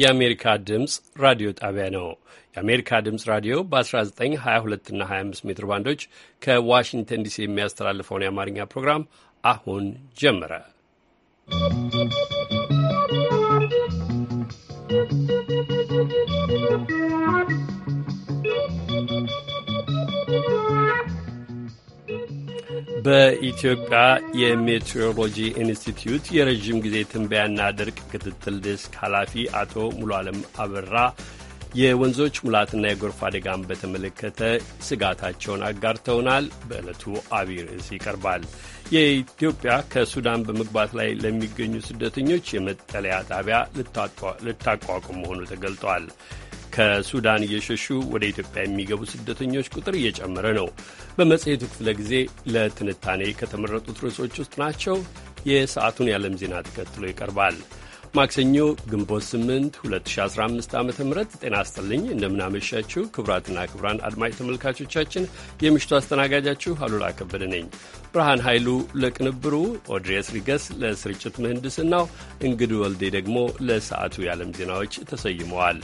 የአሜሪካ ድምፅ ራዲዮ ጣቢያ ነው። የአሜሪካ ድምፅ ራዲዮ በ 1922 እና 25 ሜትር ባንዶች ከዋሽንግተን ዲሲ የሚያስተላልፈውን የአማርኛ ፕሮግራም አሁን ጀመረ። በኢትዮጵያ የሜትሮሎጂ ኢንስቲትዩት የረዥም ጊዜ ትንበያና ድርቅ ክትትል ዴስክ ኃላፊ አቶ ሙሉ አለም አበራ የወንዞች ሙላትና የጎርፍ አደጋን በተመለከተ ስጋታቸውን አጋርተውናል። በዕለቱ አብይ ርዕስ ይቀርባል። የኢትዮጵያ ከሱዳን በመግባት ላይ ለሚገኙ ስደተኞች የመጠለያ ጣቢያ ልታቋቁም መሆኑ ተገልጧል። ከሱዳን እየሸሹ ወደ ኢትዮጵያ የሚገቡ ስደተኞች ቁጥር እየጨመረ ነው። በመጽሔቱ ክፍለ ጊዜ ለትንታኔ ከተመረጡት ርዕሶች ውስጥ ናቸው። የሰዓቱን የዓለም ዜና ተከትሎ ይቀርባል። ማክሰኞ ግንቦት 8 2015 ዓ ም ጤና አስጥልኝ። እንደምናመሻችሁ ክቡራትና ክቡራን አድማጭ ተመልካቾቻችን የምሽቱ አስተናጋጃችሁ አሉላ ከበደ ነኝ። ብርሃን ኃይሉ ለቅንብሩ፣ ኦድሬስ ሪገስ ለስርጭት ምህንድስናው፣ እንግድ ወልዴ ደግሞ ለሰዓቱ የዓለም ዜናዎች ተሰይመዋል።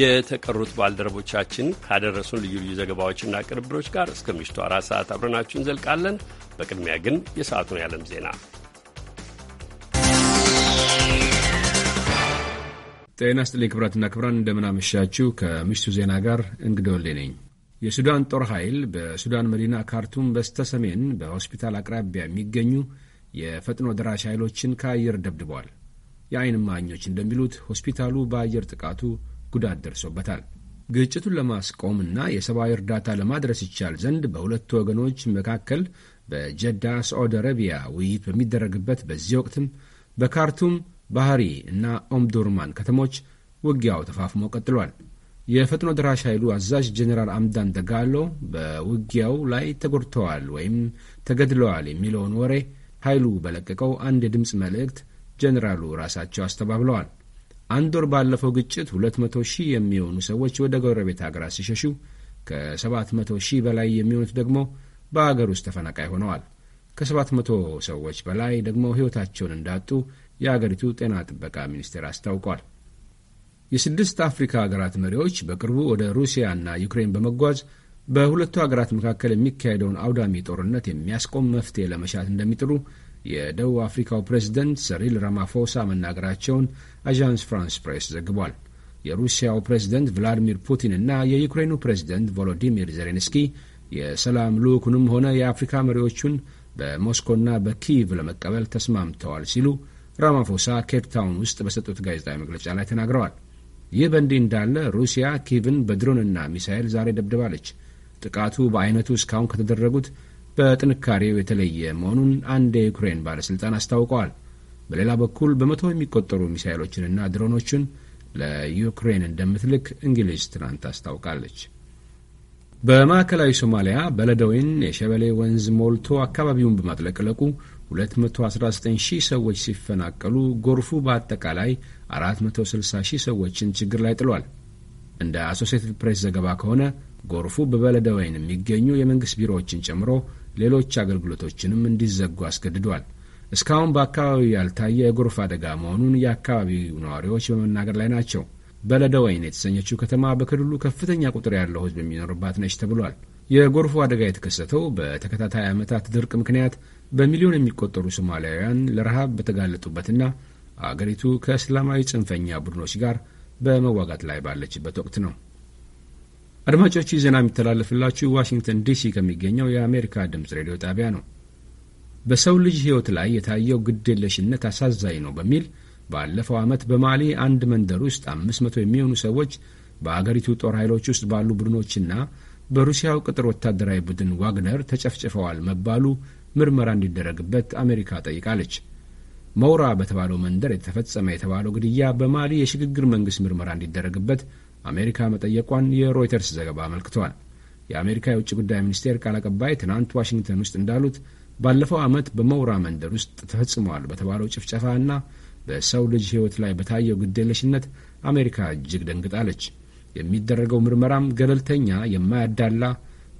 የተቀሩት ባልደረቦቻችን ካደረሱን ልዩ ልዩ ዘገባዎችና ቅንብሮች ጋር እስከ ምሽቱ አራት ሰዓት አብረናችሁ እንዘልቃለን። በቅድሚያ ግን የሰዓቱን የዓለም ዜና። ጤና ስጥልኝ ክብራትና ክብራን፣ እንደምናመሻችሁ። ከምሽቱ ዜና ጋር እንግደወሌ ነኝ። የሱዳን ጦር ኃይል በሱዳን መዲና ካርቱም በስተ ሰሜን በሆስፒታል አቅራቢያ የሚገኙ የፈጥኖ ደራሽ ኃይሎችን ከአየር ደብድበዋል። የአይን እማኞች እንደሚሉት ሆስፒታሉ በአየር ጥቃቱ ጉዳት ደርሶበታል። ግጭቱን ለማስቆምና የሰብአዊ እርዳታ ለማድረስ ይቻል ዘንድ በሁለቱ ወገኖች መካከል በጀዳ ሳዑዲ አረቢያ ውይይት በሚደረግበት በዚህ ወቅትም በካርቱም ባህሪ እና ኦምዱርማን ከተሞች ውጊያው ተፋፍሞ ቀጥሏል። የፈጥኖ ደራሽ ኃይሉ አዛዥ ጄኔራል አምዳን ደጋሎ በውጊያው ላይ ተጎድተዋል ወይም ተገድለዋል የሚለውን ወሬ ኃይሉ በለቀቀው አንድ የድምፅ መልእክት ጄኔራሉ ራሳቸው አስተባብለዋል። አንድ ወር ባለፈው ግጭት 200 ሺህ የሚሆኑ ሰዎች ወደ ጎረቤት ሀገራት ሲሸሹ ከ700 ሺህ በላይ የሚሆኑት ደግሞ በአገር ውስጥ ተፈናቃይ ሆነዋል። ከ700 ሰዎች በላይ ደግሞ ሕይወታቸውን እንዳጡ የአገሪቱ ጤና ጥበቃ ሚኒስቴር አስታውቋል። የስድስት አፍሪካ ሀገራት መሪዎች በቅርቡ ወደ ሩሲያና ዩክሬን በመጓዝ በሁለቱ ሀገራት መካከል የሚካሄደውን አውዳሚ ጦርነት የሚያስቆም መፍትሄ ለመሻት እንደሚጥሩ የደቡብ አፍሪካው ፕሬዝደንት ሰሪል ራማፎሳ መናገራቸውን አዣንስ ፍራንስ ፕሬስ ዘግቧል። የሩሲያው ፕሬዚደንት ቭላዲሚር ፑቲን እና የዩክሬኑ ፕሬዝደንት ቮሎዲሚር ዜሌንስኪ የሰላም ልዑኩንም ሆነ የአፍሪካ መሪዎቹን በሞስኮና በኪይቭ ለመቀበል ተስማምተዋል ሲሉ ራማፎሳ ኬፕ ታውን ውስጥ በሰጡት ጋዜጣዊ መግለጫ ላይ ተናግረዋል። ይህ በእንዲህ እንዳለ ሩሲያ ኪቭን በድሮንና ሚሳኤል ዛሬ ደብድባለች። ጥቃቱ በአይነቱ እስካሁን ከተደረጉት በጥንካሬው የተለየ መሆኑን አንድ የዩክሬን ባለሥልጣን አስታውቀዋል። በሌላ በኩል በመቶ የሚቆጠሩ ሚሳይሎችንና ድሮኖችን ለዩክሬን እንደምትልክ እንግሊዝ ትናንት አስታውቃለች። በማዕከላዊ ሶማሊያ በለደዌን የሸበሌ ወንዝ ሞልቶ አካባቢውን በማጥለቅለቁ 219 ሰዎች ሲፈናቀሉ ጎርፉ በአጠቃላይ 460 ሺህ ሰዎችን ችግር ላይ ጥሏል። እንደ አሶሴትድ ፕሬስ ዘገባ ከሆነ ጎርፉ በበለደወይን የሚገኙ የመንግሥት ቢሮዎችን ጨምሮ ሌሎች አገልግሎቶችንም እንዲዘጉ አስገድዷል። እስካሁን በአካባቢው ያልታየ የጎርፍ አደጋ መሆኑን የአካባቢው ነዋሪዎች በመናገር ላይ ናቸው። በለደ ወይን የተሰኘችው ከተማ በክልሉ ከፍተኛ ቁጥር ያለው ሕዝብ የሚኖርባት ነች ተብሏል። የጎርፉ አደጋ የተከሰተው በተከታታይ ዓመታት ድርቅ ምክንያት በሚሊዮን የሚቆጠሩ ሶማሊያውያን ለረሃብ በተጋለጡበትና አገሪቱ ከእስላማዊ ጽንፈኛ ቡድኖች ጋር በመዋጋት ላይ ባለችበት ወቅት ነው። አድማጮቹ ዜና የሚተላለፍላችሁ ዋሽንግተን ዲሲ ከሚገኘው የአሜሪካ ድምፅ ሬዲዮ ጣቢያ ነው። በሰው ልጅ ሕይወት ላይ የታየው ግዴለሽነት አሳዛኝ ነው በሚል ባለፈው ዓመት በማሊ አንድ መንደር ውስጥ አምስት መቶ የሚሆኑ ሰዎች በአገሪቱ ጦር ኃይሎች ውስጥ ባሉ ቡድኖችና በሩሲያው ቅጥር ወታደራዊ ቡድን ዋግነር ተጨፍጭፈዋል መባሉ ምርመራ እንዲደረግበት አሜሪካ ጠይቃለች። መውራ በተባለው መንደር የተፈጸመ የተባለው ግድያ በማሊ የሽግግር መንግሥት ምርመራ እንዲደረግበት አሜሪካ መጠየቋን የሮይተርስ ዘገባ አመልክቷል። የአሜሪካ የውጭ ጉዳይ ሚኒስቴር ቃል አቀባይ ትናንት ዋሽንግተን ውስጥ እንዳሉት ባለፈው ዓመት በመውራ መንደር ውስጥ ተፈጽመዋል በተባለው ጭፍጨፋ እና በሰው ልጅ ሕይወት ላይ በታየው ግዴለሽነት አሜሪካ እጅግ ደንግጣለች። የሚደረገው ምርመራም ገለልተኛ፣ የማያዳላ፣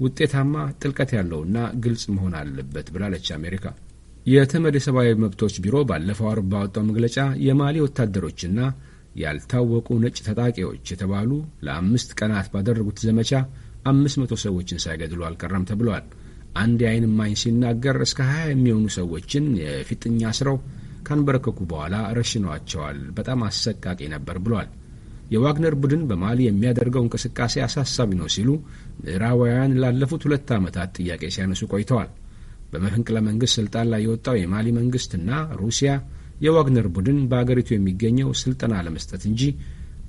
ውጤታማ፣ ጥልቀት ያለውና ግልጽ መሆን አለበት ብላለች አሜሪካ። የተመድ የሰብአዊ መብቶች ቢሮ ባለፈው አርብ ባወጣው መግለጫ የማሊ ወታደሮችና ያልታወቁ ነጭ ታጣቂዎች የተባሉ ለአምስት ቀናት ባደረጉት ዘመቻ አምስት መቶ ሰዎችን ሳይገድሉ አልቀረም ተብለዋል። አንድ የአይን ማኝ ሲናገር እስከ ሀያ የሚሆኑ ሰዎችን የፊጥኛ ስረው ካንበረከኩ በኋላ ረሽነዋቸዋል። በጣም አሰቃቂ ነበር ብሏል። የዋግነር ቡድን በማሊ የሚያደርገው እንቅስቃሴ አሳሳቢ ነው ሲሉ ምዕራባውያን ላለፉት ሁለት ዓመታት ጥያቄ ሲያነሱ ቆይተዋል። በመፈንቅለ መንግሥት ሥልጣን ላይ የወጣው የማሊ መንግሥትና ሩሲያ የዋግነር ቡድን በአገሪቱ የሚገኘው ስልጠና ለመስጠት እንጂ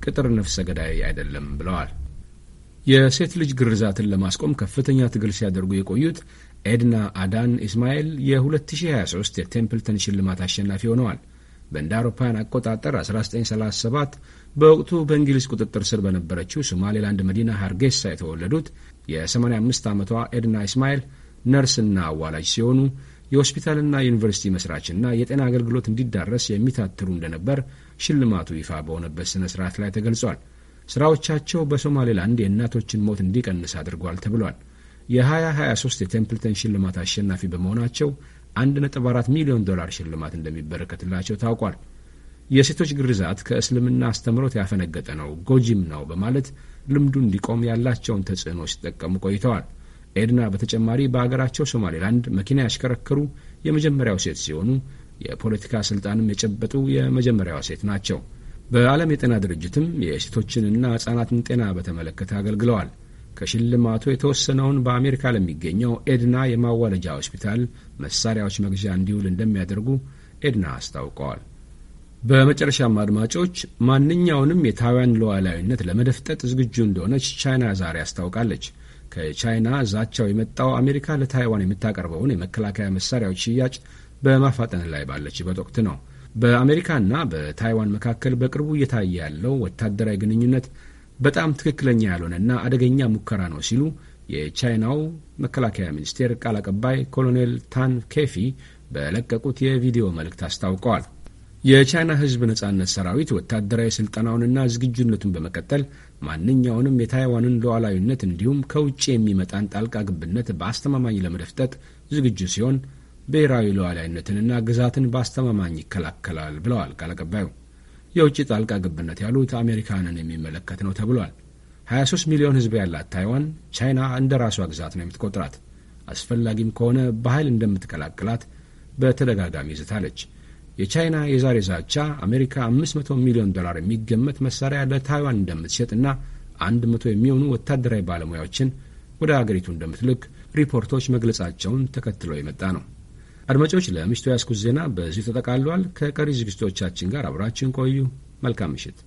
ቅጥር ነፍሰ ገዳይ አይደለም ብለዋል። የሴት ልጅ ግርዛትን ለማስቆም ከፍተኛ ትግል ሲያደርጉ የቆዩት ኤድና አዳን ኢስማኤል የ2023 የቴምፕልተን ሽልማት አሸናፊ ሆነዋል። በእንደ አውሮፓውያን አቆጣጠር 1937 በወቅቱ በእንግሊዝ ቁጥጥር ስር በነበረችው ሶማሌላንድ መዲና ሃርጌሳ የተወለዱት የ85 ዓመቷ ኤድና ኢስማኤል ነርስና አዋላጅ ሲሆኑ የሆስፒታልና ዩኒቨርሲቲ መስራችና የጤና አገልግሎት እንዲዳረስ የሚታትሩ እንደነበር ሽልማቱ ይፋ በሆነበት ሥነ ሥርዓት ላይ ተገልጿል። ሥራዎቻቸው በሶማሌላንድ የእናቶችን ሞት እንዲቀንስ አድርጓል ተብሏል። የ2023 የቴምፕልተን ሽልማት አሸናፊ በመሆናቸው 1.4 ሚሊዮን ዶላር ሽልማት እንደሚበረከትላቸው ታውቋል። የሴቶች ግርዛት ከእስልምና አስተምህሮት ያፈነገጠ ነው፣ ጎጂም ነው በማለት ልምዱ እንዲቆም ያላቸውን ተጽዕኖ ሲጠቀሙ ቆይተዋል። ኤድና በተጨማሪ በሀገራቸው ሶማሌላንድ መኪና ያሽከረከሩ የመጀመሪያው ሴት ሲሆኑ የፖለቲካ ስልጣንም የጨበጡ የመጀመሪያዋ ሴት ናቸው። በዓለም የጤና ድርጅትም የሴቶችንና ሕፃናትን ጤና በተመለከተ አገልግለዋል። ከሽልማቱ የተወሰነውን በአሜሪካ ለሚገኘው ኤድና የማዋለጃ ሆስፒታል መሳሪያዎች መግዣ እንዲውል እንደሚያደርጉ ኤድና አስታውቀዋል። በመጨረሻም አድማጮች፣ ማንኛውንም የታይዋን ሉዓላዊነት ለመደፍጠጥ ዝግጁ እንደሆነች ቻይና ዛሬ አስታውቃለች። ከቻይና ዛቻው የመጣው አሜሪካ ለታይዋን የምታቀርበውን የመከላከያ መሳሪያዎች ሽያጭ በማፋጠን ላይ ባለችበት ወቅት ነው። በአሜሪካና በታይዋን መካከል በቅርቡ እየታየ ያለው ወታደራዊ ግንኙነት በጣም ትክክለኛ ያልሆነና አደገኛ ሙከራ ነው ሲሉ የቻይናው መከላከያ ሚኒስቴር ቃል አቀባይ ኮሎኔል ታን ኬፊ በለቀቁት የቪዲዮ መልእክት አስታውቀዋል። የቻይና ህዝብ ነጻነት ሰራዊት ወታደራዊ ስልጠናውንና ዝግጁነቱን በመቀጠል ማንኛውንም የታይዋንን ሉዓላዊነት እንዲሁም ከውጭ የሚመጣን ጣልቃ ግብነት በአስተማማኝ ለመደፍጠጥ ዝግጁ ሲሆን ብሔራዊ ሉዓላዊነትንና ግዛትን በአስተማማኝ ይከላከላል ብለዋል ቃል አቀባዩ። የውጭ ጣልቃ ግብነት ያሉት አሜሪካንን የሚመለከት ነው ተብሏል። 23 ሚሊዮን ህዝብ ያላት ታይዋን ቻይና እንደ ራሷ ግዛት ነው የምትቆጥራት። አስፈላጊም ከሆነ በኃይል እንደምትቀላቅላት በተደጋጋሚ ይዝታለች። የቻይና የዛሬ ዛቻ አሜሪካ 500 ሚሊዮን ዶላር የሚገመት መሳሪያ ለታይዋን እንደምትሸጥና 100 የሚሆኑ ወታደራዊ ባለሙያዎችን ወደ አገሪቱ እንደምትልክ ሪፖርቶች መግለጻቸውን ተከትሎ የመጣ ነው። አድማጮች፣ ለምሽቱ ያስኩት ዜና በዚሁ ተጠቃልሏል። ከቀሪ ዝግጅቶቻችን ጋር አብራችን ቆዩ። መልካም ምሽት።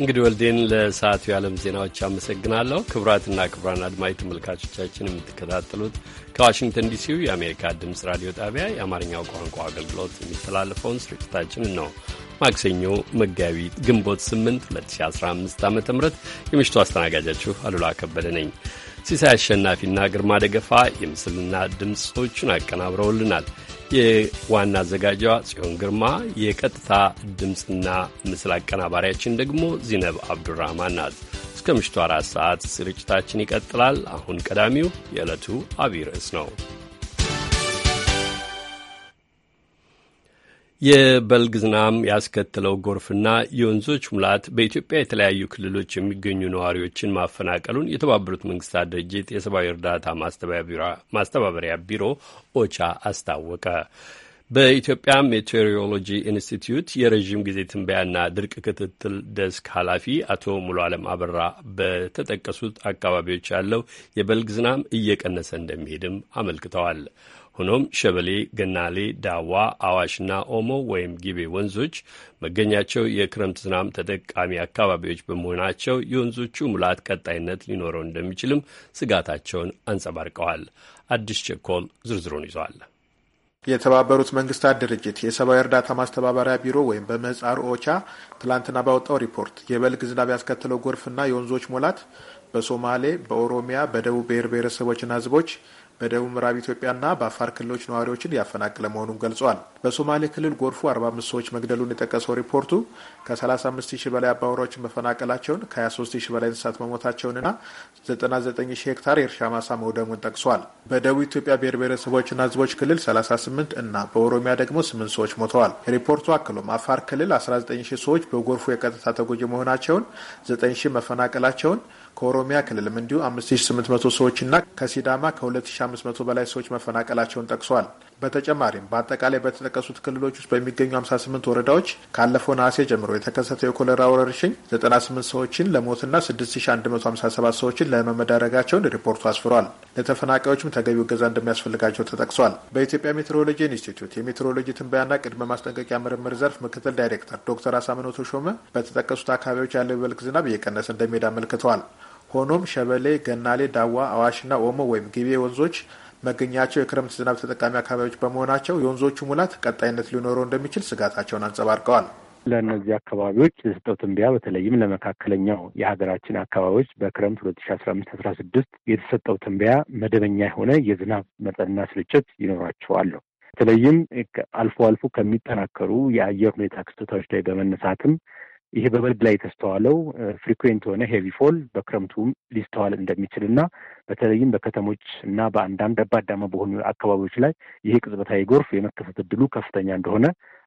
እንግዲህ ወልዴን ለሰዓቱ የዓለም ዜናዎች አመሰግናለሁ። ክቡራትና ክቡራን አድማጭ ተመልካቾቻችን የምትከታተሉት ከዋሽንግተን ዲሲው የአሜሪካ ድምፅ ራዲዮ ጣቢያ የአማርኛው ቋንቋ አገልግሎት የሚተላለፈውን ስርጭታችን ነው። ማክሰኞ መጋቢት ግንቦት 8 2015 ዓ ም የምሽቱ አስተናጋጃችሁ አሉላ ከበደ ነኝ። ሲሳይ አሸናፊና ግርማ ደገፋ የምስልና ድምፆቹን አቀናብረውልናል። የዋና አዘጋጇ ጽዮን ግርማ፣ የቀጥታ ድምፅና ምስል አቀናባሪያችን ደግሞ ዚነብ አብዱራህማን ናት። እስከ ምሽቱ አራት ሰዓት ስርጭታችን ይቀጥላል። አሁን ቀዳሚው የዕለቱ አብይ ርዕስ ነው። የበልግ ዝናም ያስከተለው ጎርፍና የወንዞች ሙላት በኢትዮጵያ የተለያዩ ክልሎች የሚገኙ ነዋሪዎችን ማፈናቀሉን የተባበሩት መንግስታት ድርጅት የሰብአዊ እርዳታ ማስተባበሪያ ቢሮ ኦቻ አስታወቀ። በኢትዮጵያ ሜቴሮሎጂ ኢንስቲትዩት የረዥም ጊዜ ትንበያና ድርቅ ክትትል ደስክ ኃላፊ አቶ ሙሉ አለም አበራ በተጠቀሱት አካባቢዎች ያለው የበልግ ዝናም እየቀነሰ እንደሚሄድም አመልክተዋል። ሆኖም ሸበሌ፣ ገናሌ፣ ዳዋ፣ አዋሽና ኦሞ ወይም ጊቤ ወንዞች መገኛቸው የክረምት ዝናብ ተጠቃሚ አካባቢዎች በመሆናቸው የወንዞቹ ሙላት ቀጣይነት ሊኖረው እንደሚችልም ስጋታቸውን አንጸባርቀዋል። አዲስ ቸኮል ዝርዝሩን ይዟል። የተባበሩት መንግስታት ድርጅት የሰብአዊ እርዳታ ማስተባበሪያ ቢሮ ወይም በምህጻሩ ኦቻ ትላንትና ባወጣው ሪፖርት የበልግ ዝናብ ያስከተለው ጎርፍና የወንዞች ሙላት በሶማሌ፣ በኦሮሚያ፣ በደቡብ ብሔር ብሔረሰቦችና ህዝቦች በደቡብ ምዕራብ ኢትዮጵያና በአፋር ክልሎች ነዋሪዎችን ያፈናቀለ መሆኑን ገልጿል። በሶማሌ ክልል ጎርፉ 45 ሰዎች መግደሉን የጠቀሰው ሪፖርቱ ከ35 ሺህ በላይ አባወራዎችን መፈናቀላቸውን፣ ከ23 ሺህ በላይ እንስሳት መሞታቸውንና 99 ሺህ ሄክታር የእርሻ ማሳ መውደሙን ጠቅሷል። በደቡብ ኢትዮጵያ ብሔር ብሔረሰቦችና ህዝቦች ክልል 38 እና በኦሮሚያ ደግሞ 8 ሰዎች ሞተዋል። ሪፖርቱ አክሎም አፋር ክልል 19 ሺህ ሰዎች በጎርፉ የቀጥታ ተጎጂ መሆናቸውን፣ 9 ሺህ መፈናቀላቸውን ከኦሮሚያ ክልልም እንዲሁ 5800 ሰዎችና ከሲዳማ ከ2500 በላይ ሰዎች መፈናቀላቸውን ጠቅሰዋል። በተጨማሪም በአጠቃላይ በተጠቀሱት ክልሎች ውስጥ በሚገኙ 58 ወረዳዎች ካለፈው ነሐሴ ጀምሮ የተከሰተው የኮሌራ ወረርሽኝ 98 ሰዎችን ለሞትና 6157 ሰዎችን ለመመዳረጋቸውን ሪፖርቱ አስፍሯል። ለተፈናቃዮችም ተገቢው እገዛ እንደሚያስፈልጋቸው ተጠቅሷል። በኢትዮጵያ ሜትሮሎጂ ኢንስቲትዩት የሜትሮሎጂ ትንበያና ቅድመ ማስጠንቀቂያ ምርምር ዘርፍ ምክትል ዳይሬክተር ዶክተር አሳምኖቶ ተሾመ በተጠቀሱት አካባቢዎች ያለው የበልግ ዝናብ እየቀነሰ እንደሚሄድ አመልክተዋል። ሆኖም ሸበሌ፣ ገናሌ፣ ዳዋ፣ አዋሽና ኦሞ ወይም ጊቤ ወንዞች መገኛቸው የክረምት ዝናብ ተጠቃሚ አካባቢዎች በመሆናቸው የወንዞቹ ሙላት ቀጣይነት ሊኖረው እንደሚችል ስጋታቸውን አንጸባርቀዋል። ለእነዚህ አካባቢዎች የተሰጠው ትንቢያ በተለይም ለመካከለኛው የሀገራችን አካባቢዎች በክረምት ሁለት ሺ አስራ አምስት አስራ ስድስት የተሰጠው ትንቢያ መደበኛ የሆነ የዝናብ መጠንና ስርጭት ይኖራቸዋል። በተለይም አልፎ አልፎ ከሚጠናከሩ የአየር ሁኔታ ክስተታዎች ላይ በመነሳትም ይሄ በበልግ ላይ የተስተዋለው ፍሪኩዌንት የሆነ ሄቪ ፎል በክረምቱም ሊስተዋል እንደሚችል እና በተለይም በከተሞች እና በአንዳንድ ረባዳማ በሆኑ አካባቢዎች ላይ ይሄ ቅጽበታዊ ጎርፍ የመከሰት እድሉ ከፍተኛ እንደሆነ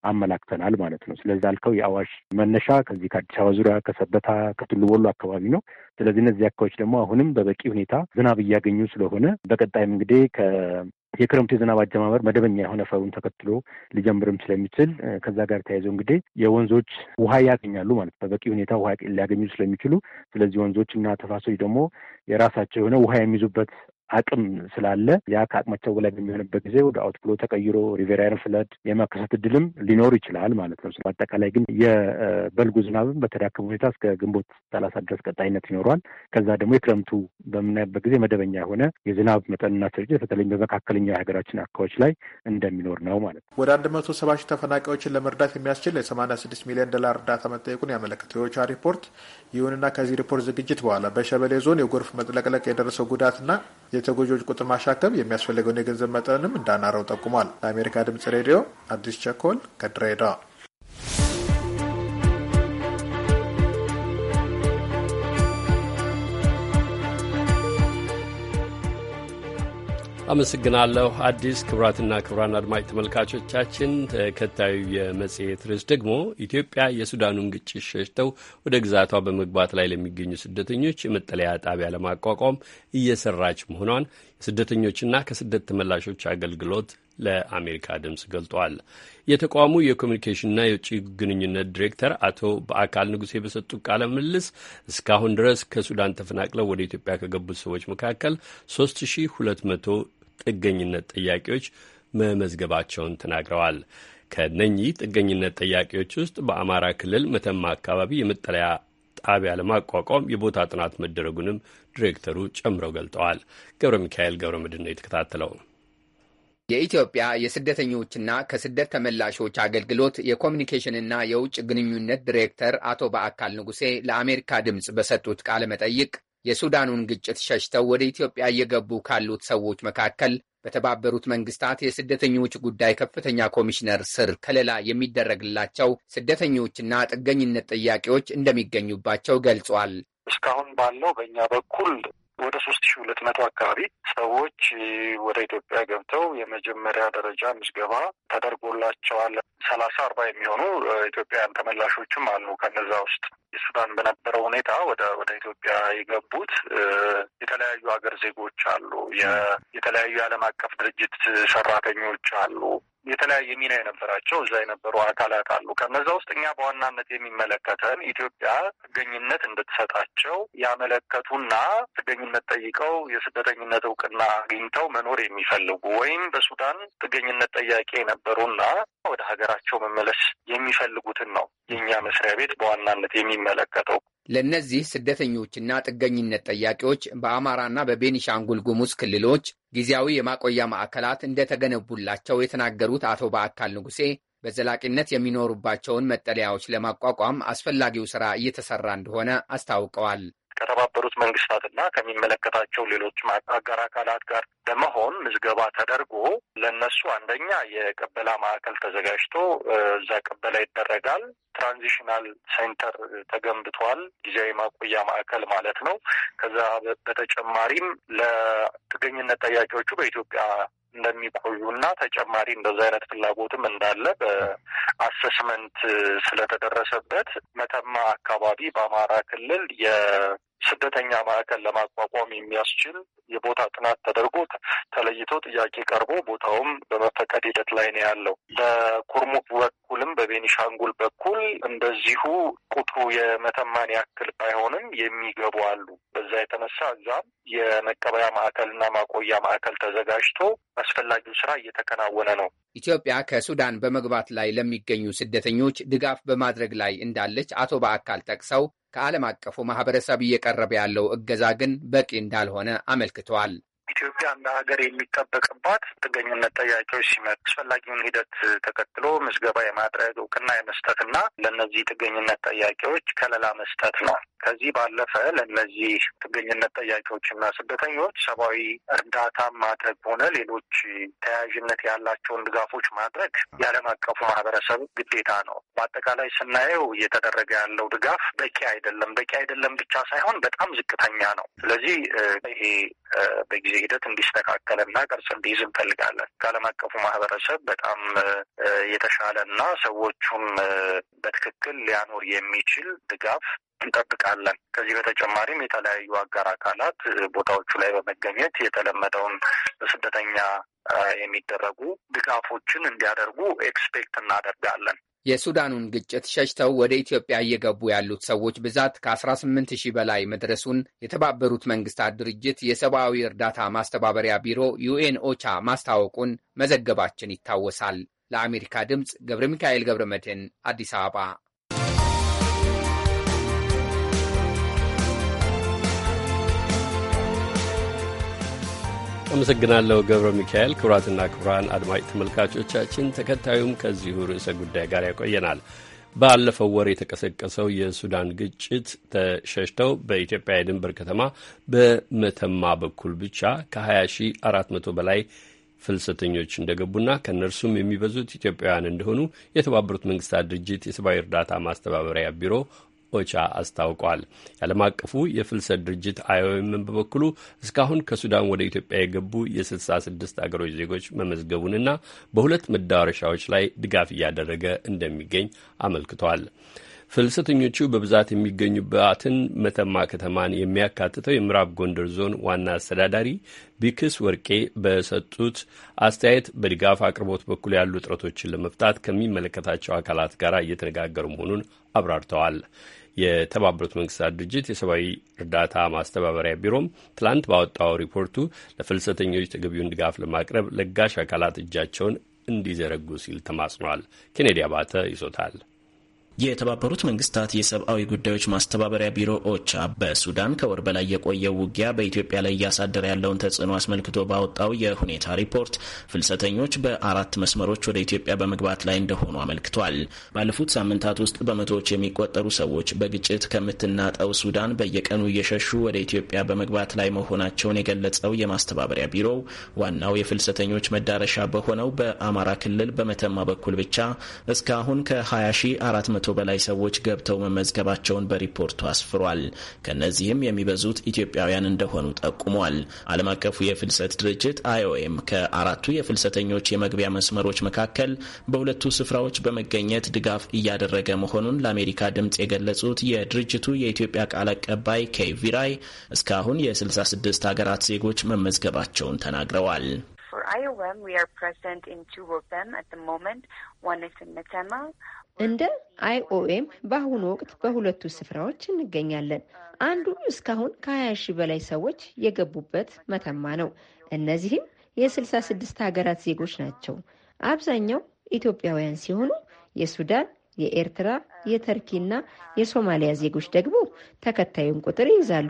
አመላክተናል ማለት ነው። ስለዚህ አልከው የአዋሽ መነሻ ከዚህ ከአዲስ አበባ ዙሪያ ከሰበታ፣ ከቱሉ ቦሎ አካባቢ ነው። ስለዚህ እነዚህ አካባቢዎች ደግሞ አሁንም በበቂ ሁኔታ ዝናብ እያገኙ ስለሆነ በቀጣይም እንግዲህ የክረምቱ የዝናብ አጀማመር መደበኛ የሆነ ፈሩን ተከትሎ ሊጀምርም ስለሚችል ከዛ ጋር ተያይዞ እንግዲህ የወንዞች ውሃ ያገኛሉ ማለት በበቂ ሁኔታ ውሃ ሊያገኙ ስለሚችሉ ስለዚህ ወንዞች እና ተፋሶች ደግሞ የራሳቸው የሆነ ውሃ የሚይዙበት አቅም ስላለ ያ ከአቅማቸው በላይ በሚሆንበት ጊዜ ወደ አውት ተቀይሮ ሪቨራይን ፍለድ የመከሰት እድልም ሊኖር ይችላል ማለት ነው። በአጠቃላይ ግን የበልጉ ዝናብም በተዳከመ ሁኔታ እስከ ግንቦት ሰላሳ ድረስ ቀጣይነት ይኖሯል። ከዛ ደግሞ የክረምቱ በምናይበት ጊዜ መደበኛ የሆነ የዝናብ መጠንና ስርጭት በተለይም በመካከለኛው የሀገራችን አካባቢዎች ላይ እንደሚኖር ነው ማለት ነው። ወደ አንድ መቶ ሰባ ሺህ ተፈናቃዮችን ለመርዳት የሚያስችል የሰማንያ ስድስት ሚሊዮን ዶላር እርዳታ መጠየቁን ያመለክተው የኦቻ ሪፖርት። ይሁንና ከዚህ ሪፖርት ዝግጅት በኋላ በሸበሌ ዞን የጎርፍ መጥለቅለቅ የደረሰው ጉዳትና የተጎጂዎች ቁጥር ማሻከብ የሚያስፈልገውን የገንዘብ መጠንም እንዳናረው ጠቁሟል። ለአሜሪካ ድምጽ ሬዲዮ አዲስ ቸኮል ከድሬዳዋ አመሰግናለሁ አዲስ። ክቡራትና ክቡራን አድማጭ ተመልካቾቻችን ተከታዩ የመጽሔት ርዕስ ደግሞ ኢትዮጵያ የሱዳኑን ግጭት ሸሽተው ወደ ግዛቷ በመግባት ላይ ለሚገኙ ስደተኞች የመጠለያ ጣቢያ ለማቋቋም እየሰራች መሆኗን የስደተኞችና ከስደት ተመላሾች አገልግሎት ለአሜሪካ ድምፅ ገልጧል። የተቋሙ የኮሚኒኬሽንና የውጭ ግንኙነት ዲሬክተር አቶ በአካል ንጉሴ በሰጡት ቃለ ምልልስ እስካሁን ድረስ ከሱዳን ተፈናቅለው ወደ ኢትዮጵያ ከገቡት ሰዎች መካከል 3200 ጥገኝነት ጠያቂዎች መመዝገባቸውን ተናግረዋል። ከነኚህ ጥገኝነት ጠያቂዎች ውስጥ በአማራ ክልል መተማ አካባቢ የመጠለያ ጣቢያ ለማቋቋም የቦታ ጥናት መደረጉንም ዲሬክተሩ ጨምረው ገልጠዋል። ገብረ ሚካኤል ገብረ ምድን ነው የተከታተለው። የኢትዮጵያ የስደተኞችና ከስደት ተመላሾች አገልግሎት የኮሚኒኬሽንና የውጭ ግንኙነት ዲሬክተር አቶ በአካል ንጉሴ ለአሜሪካ ድምፅ በሰጡት ቃለ መጠይቅ የሱዳኑን ግጭት ሸሽተው ወደ ኢትዮጵያ እየገቡ ካሉት ሰዎች መካከል በተባበሩት መንግስታት የስደተኞች ጉዳይ ከፍተኛ ኮሚሽነር ስር ከለላ የሚደረግላቸው ስደተኞችና ጥገኝነት ጥያቄዎች እንደሚገኙባቸው ገልጿል። እስካሁን ባለው በእኛ በኩል ወደ ሶስት ሺ ሁለት መቶ አካባቢ ሰዎች ወደ ኢትዮጵያ ገብተው የመጀመሪያ ደረጃ ምዝገባ ተደርጎላቸዋል። ሰላሳ አርባ የሚሆኑ ኢትዮጵያውያን ተመላሾችም አሉ። ከነዛ ውስጥ የሱዳን በነበረው ሁኔታ ወደ ወደ ኢትዮጵያ የገቡት የተለያዩ ሀገር ዜጎች አሉ። የተለያዩ የዓለም አቀፍ ድርጅት ሰራተኞች አሉ። የተለያየ ሚና የነበራቸው እዛ የነበሩ አካላት አሉ። ከነዛ ውስጥ እኛ በዋናነት የሚመለከተን ኢትዮጵያ ጥገኝነት እንድትሰጣቸው ያመለከቱና ጥገኝነት ጠይቀው የስደተኝነት እውቅና አግኝተው መኖር የሚፈልጉ ወይም በሱዳን ጥገኝነት ጠያቂ የነበሩና ወደ ሀገራቸው መመለስ የሚፈልጉትን ነው የእኛ መስሪያ ቤት በዋናነት የሚመለከተው። ለእነዚህ ስደተኞችና ጥገኝነት ጠያቂዎች በአማራና በቤኒሻንጉል ጉሙዝ ክልሎች ጊዜያዊ የማቆያ ማዕከላት እንደተገነቡላቸው የተናገሩት አቶ በአካል ንጉሴ በዘላቂነት የሚኖሩባቸውን መጠለያዎች ለማቋቋም አስፈላጊው ስራ እየተሰራ እንደሆነ አስታውቀዋል። ከተባበሩት መንግስታትና ከሚመለከታቸው ሌሎች አጋር አካላት ጋር በመሆን ምዝገባ ተደርጎ ለእነሱ አንደኛ የቀበላ ማዕከል ተዘጋጅቶ እዛ ቀበላ ይደረጋል። ትራንዚሽናል ሴንተር ተገንብቷል። ጊዜያዊ ማቆያ ማዕከል ማለት ነው። ከዛ በተጨማሪም ለጥገኝነት ጠያቂዎቹ በኢትዮጵያ እንደሚቆዩ እና ተጨማሪ እንደዛ አይነት ፍላጎትም እንዳለ በአሰስመንት ስለተደረሰበት መተማ አካባቢ በአማራ ክልል ስደተኛ ማዕከል ለማቋቋም የሚያስችል የቦታ ጥናት ተደርጎ ተለይቶ ጥያቄ ቀርቦ ቦታውም በመፈቀድ ሂደት ላይ ነው ያለው። በኩርሙክ በኩልም በቤኒሻንጉል በኩል እንደዚሁ ቁጥሩ የመተማን ያክል ባይሆንም የሚገቡ አሉ። በዛ የተነሳ እዛም የመቀበያ ማዕከልና ማቆያ ማዕከል ተዘጋጅቶ አስፈላጊው ስራ እየተከናወነ ነው። ኢትዮጵያ ከሱዳን በመግባት ላይ ለሚገኙ ስደተኞች ድጋፍ በማድረግ ላይ እንዳለች አቶ በአካል ጠቅሰው ከዓለም አቀፉ ማህበረሰብ እየቀረበ ያለው እገዛ ግን በቂ እንዳልሆነ አመልክተዋል። ኢትዮጵያ እንደ ሀገር የሚጠበቅባት ጥገኝነት ጥያቄዎች ሲመጡ አስፈላጊውን ሂደት ተከትሎ ምዝገባ የማድረግ እውቅና የመስጠትና ለእነዚህ ጥገኝነት ጥያቄዎች ከለላ መስጠት ነው። ከዚህ ባለፈ ለእነዚህ ጥገኝነት ጥያቄዎችና ስደተኞች ሰብአዊ እርዳታ ማድረግ ሆነ ሌሎች ተያያዥነት ያላቸውን ድጋፎች ማድረግ የዓለም አቀፉ ማህበረሰብ ግዴታ ነው። በአጠቃላይ ስናየው እየተደረገ ያለው ድጋፍ በቂ አይደለም። በቂ አይደለም ብቻ ሳይሆን በጣም ዝቅተኛ ነው። ስለዚህ ይሄ በጊዜ ሂደት እንዲስተካከልና ቅርጽ እንዲይዝ እንፈልጋለን። ከዓለም አቀፉ ማህበረሰብ በጣም የተሻለና ሰዎቹን በትክክል ሊያኖር የሚችል ድጋፍ እንጠብቃለን። ከዚህ በተጨማሪም የተለያዩ አጋር አካላት ቦታዎቹ ላይ በመገኘት የተለመደውን ስደተኛ የሚደረጉ ድጋፎችን እንዲያደርጉ ኤክስፔክት እናደርጋለን። የሱዳኑን ግጭት ሸሽተው ወደ ኢትዮጵያ እየገቡ ያሉት ሰዎች ብዛት ከ18 ሺህ በላይ መድረሱን የተባበሩት መንግስታት ድርጅት የሰብአዊ እርዳታ ማስተባበሪያ ቢሮ ዩኤን ኦቻ ማስታወቁን መዘገባችን ይታወሳል። ለአሜሪካ ድምፅ ገብረ ሚካኤል ገብረ መድህን አዲስ አበባ አመሰግናለሁ ገብረ ሚካኤል። ክቡራትና ክቡራን አድማጭ ተመልካቾቻችን ተከታዩም ከዚሁ ርዕሰ ጉዳይ ጋር ያቆየናል። ባለፈው ወር የተቀሰቀሰው የሱዳን ግጭት ተሸሽተው በኢትዮጵያ የድንበር ከተማ በመተማ በኩል ብቻ ከ2400 በላይ ፍልሰተኞች እንደገቡና ከእነርሱም የሚበዙት ኢትዮጵያውያን እንደሆኑ የተባበሩት መንግስታት ድርጅት የሰብአዊ እርዳታ ማስተባበሪያ ቢሮ ኦቻ አስታውቋል። የዓለም አቀፉ የፍልሰት ድርጅት አይኦኤምን በበኩሉ እስካሁን ከሱዳን ወደ ኢትዮጵያ የገቡ የ66 አገሮች ዜጎች መመዝገቡንና በሁለት መዳረሻዎች ላይ ድጋፍ እያደረገ እንደሚገኝ አመልክቷል። ፍልሰተኞቹ በብዛት የሚገኙባትን መተማ ከተማን የሚያካትተው የምዕራብ ጎንደር ዞን ዋና አስተዳዳሪ ቢክስ ወርቄ በሰጡት አስተያየት በድጋፍ አቅርቦት በኩል ያሉ እጥረቶችን ለመፍታት ከሚመለከታቸው አካላት ጋር እየተነጋገሩ መሆኑን አብራርተዋል። የተባበሩት መንግስታት ድርጅት የሰብአዊ እርዳታ ማስተባበሪያ ቢሮም ትላንት ባወጣው ሪፖርቱ ለፍልሰተኞች ተገቢውን ድጋፍ ለማቅረብ ለጋሽ አካላት እጃቸውን እንዲዘረጉ ሲል ተማጽኗል። ኬኔዲ አባተ ይዞታል። የተባበሩት መንግስታት የሰብአዊ ጉዳዮች ማስተባበሪያ ቢሮ ኦቻ በሱዳን ከወር በላይ የቆየው ውጊያ በኢትዮጵያ ላይ እያሳደረ ያለውን ተጽዕኖ አስመልክቶ ባወጣው የሁኔታ ሪፖርት ፍልሰተኞች በአራት መስመሮች ወደ ኢትዮጵያ በመግባት ላይ እንደሆኑ አመልክቷል። ባለፉት ሳምንታት ውስጥ በመቶዎች የሚቆጠሩ ሰዎች በግጭት ከምትናጠው ሱዳን በየቀኑ እየሸሹ ወደ ኢትዮጵያ በመግባት ላይ መሆናቸውን የገለጸው የማስተባበሪያ ቢሮው ዋናው የፍልሰተኞች መዳረሻ በሆነው በአማራ ክልል በመተማ በኩል ብቻ እስካሁን ከ24 ከመቶ በላይ ሰዎች ገብተው መመዝገባቸውን በሪፖርቱ አስፍሯል። ከእነዚህም የሚበዙት ኢትዮጵያውያን እንደሆኑ ጠቁሟል። ዓለም አቀፉ የፍልሰት ድርጅት አይኦኤም ከአራቱ የፍልሰተኞች የመግቢያ መስመሮች መካከል በሁለቱ ስፍራዎች በመገኘት ድጋፍ እያደረገ መሆኑን ለአሜሪካ ድምፅ የገለጹት የድርጅቱ የኢትዮጵያ ቃል አቀባይ ኬይ ቪራይ እስካሁን የ66 ሀገራት ዜጎች መመዝገባቸውን ተናግረዋል። For IOM, we are present in two of them at the moment. One is in Metema, እንደ አይኦኤም በአሁኑ ወቅት በሁለቱ ስፍራዎች እንገኛለን። አንዱ እስካሁን ከ20 ሺህ በላይ ሰዎች የገቡበት መተማ ነው። እነዚህም የ66 ሀገራት ዜጎች ናቸው። አብዛኛው ኢትዮጵያውያን ሲሆኑ የሱዳን፣ የኤርትራ፣ የተርኪና የሶማሊያ ዜጎች ደግሞ ተከታዩን ቁጥር ይይዛሉ።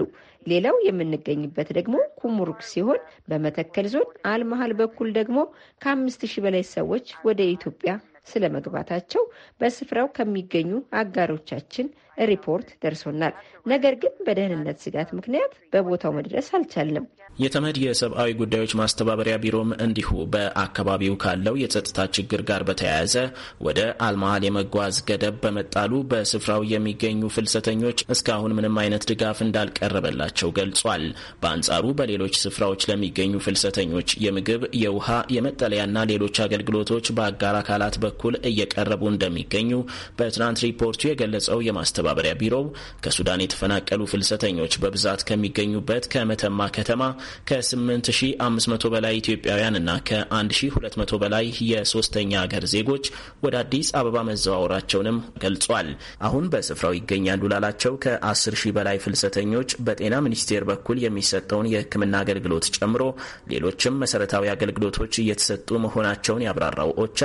ሌላው የምንገኝበት ደግሞ ኩሙሩክ ሲሆን በመተከል ዞን አልመሃል በኩል ደግሞ ከአምስት ሺህ በላይ ሰዎች ወደ ኢትዮጵያ ስለመግባታቸው በስፍራው ከሚገኙ አጋሮቻችን ሪፖርት ደርሶናል። ነገር ግን በደህንነት ስጋት ምክንያት በቦታው መድረስ አልቻልንም። የተመድ የሰብአዊ ጉዳዮች ማስተባበሪያ ቢሮም እንዲሁ በአካባቢው ካለው የጸጥታ ችግር ጋር በተያያዘ ወደ አልመሃል የመጓዝ ገደብ በመጣሉ በስፍራው የሚገኙ ፍልሰተኞች እስካሁን ምንም አይነት ድጋፍ እንዳልቀረበላቸው ገልጿል። በአንጻሩ በሌሎች ስፍራዎች ለሚገኙ ፍልሰተኞች የምግብ፣ የውሃ፣ የመጠለያና ሌሎች አገልግሎቶች በአጋር አካላት በኩል እየቀረቡ እንደሚገኙ በትናንት ሪፖርቱ የገለጸው የማስተ ማስተባበሪያ ቢሮው ከሱዳን የተፈናቀሉ ፍልሰተኞች በብዛት ከሚገኙበት ከመተማ ከተማ ከ8500 በላይ ኢትዮጵያውያንና ከ1200 በላይ የሶስተኛ ሀገር ዜጎች ወደ አዲስ አበባ መዘዋወራቸውንም ገልጿል። አሁን በስፍራው ይገኛሉ ላላቸው ከ10 ሺህ በላይ ፍልሰተኞች በጤና ሚኒስቴር በኩል የሚሰጠውን የሕክምና አገልግሎት ጨምሮ ሌሎችም መሰረታዊ አገልግሎቶች እየተሰጡ መሆናቸውን ያብራራው ኦቻ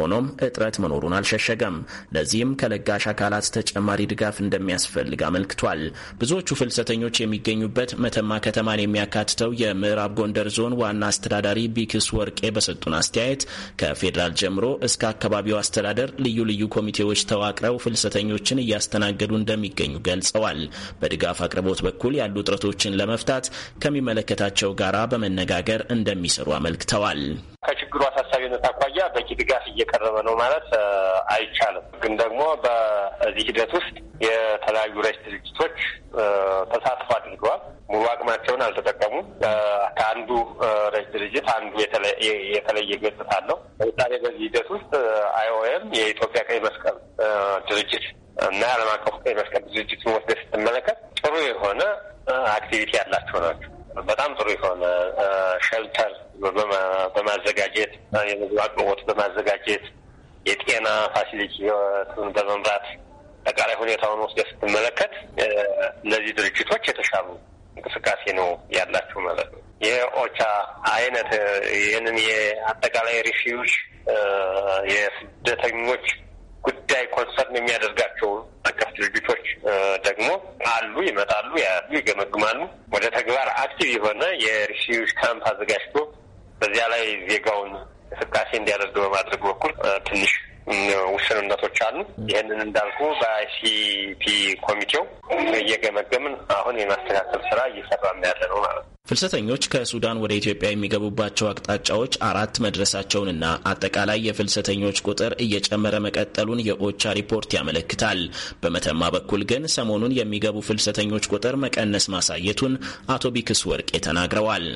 ሆኖም እጥረት መኖሩን አልሸሸገም። ለዚህም ከለጋሽ አካላት ተጨማሪ ድጋፍ እንደሚያስፈልግ አመልክቷል። ብዙዎቹ ፍልሰተኞች የሚገኙበት መተማ ከተማን የሚያካትተው የምዕራብ ጎንደር ዞን ዋና አስተዳዳሪ ቢክስ ወርቄ በሰጡን አስተያየት ከፌዴራል ጀምሮ እስከ አካባቢው አስተዳደር ልዩ ልዩ ኮሚቴዎች ተዋቅረው ፍልሰተኞችን እያስተናገዱ እንደሚገኙ ገልጸዋል። በድጋፍ አቅርቦት በኩል ያሉ እጥረቶችን ለመፍታት ከሚመለከታቸው ጋራ በመነጋገር እንደሚሰሩ አመልክተዋል። ከችግሩ አሳሳቢነት አኳያ በቂ ድጋፍ እየቀረበ ነው ማለት አይቻልም። ግን ደግሞ በዚህ ሂደት ውስጥ የተለያዩ ረጅ ድርጅቶች ተሳትፎ አድርገዋል። ሙሉ አቅማቸውን አልተጠቀሙም። ከአንዱ ረጅ ድርጅት አንዱ የተለየ ገጽታ አለው። ለምሳሌ በዚህ ሂደት ውስጥ አይኦኤም የኢትዮጵያ ቀይ መስቀል ድርጅት እና የዓለም አቀፉ ቀይ መስቀል ድርጅት ወስደ ስትመለከት ጥሩ የሆነ አክቲቪቲ ያላቸው ናቸው። በጣም ጥሩ የሆነ ሸልተር በማዘጋጀት የምግብ አቅርቦት በማዘጋጀት የጤና ፋሲሊቲ በመምራት አጠቃላይ ሁኔታውን ወስደህ ስትመለከት እነዚህ ድርጅቶች የተሻሉ እንቅስቃሴ ነው ያላቸው ማለት ነው። የኦቻ አይነት ይህንን የአጠቃላይ ሪፊዩጅ የስደተኞች ጉዳይ ኮንሰርን የሚያደርጋቸው አቀፍ ድርጅቶች ደግሞ አሉ፣ ይመጣሉ፣ ያሉ፣ ይገመግማሉ። ወደ ተግባር አክቲቭ የሆነ የሪፊዩጅ ካምፕ አዘጋጅቶ በዚያ ላይ ዜጋውን እንቅስቃሴ እንዲያደርግ በማድረግ በኩል ትንሽ ውስን እምነቶች አሉ። ይህንን እንዳልኩ በአይሲቲ ኮሚቴው እየገመገምን አሁን የማስተካከል ስራ እየሰራ ያለ ነው ማለት ነው። ፍልሰተኞች ከሱዳን ወደ ኢትዮጵያ የሚገቡባቸው አቅጣጫዎች አራት መድረሳቸውንና አጠቃላይ የፍልሰተኞች ቁጥር እየጨመረ መቀጠሉን የኦቻ ሪፖርት ያመለክታል። በመተማ በኩል ግን ሰሞኑን የሚገቡ ፍልሰተኞች ቁጥር መቀነስ ማሳየቱን አቶ ቢክስ ወርቄ ተናግረዋል።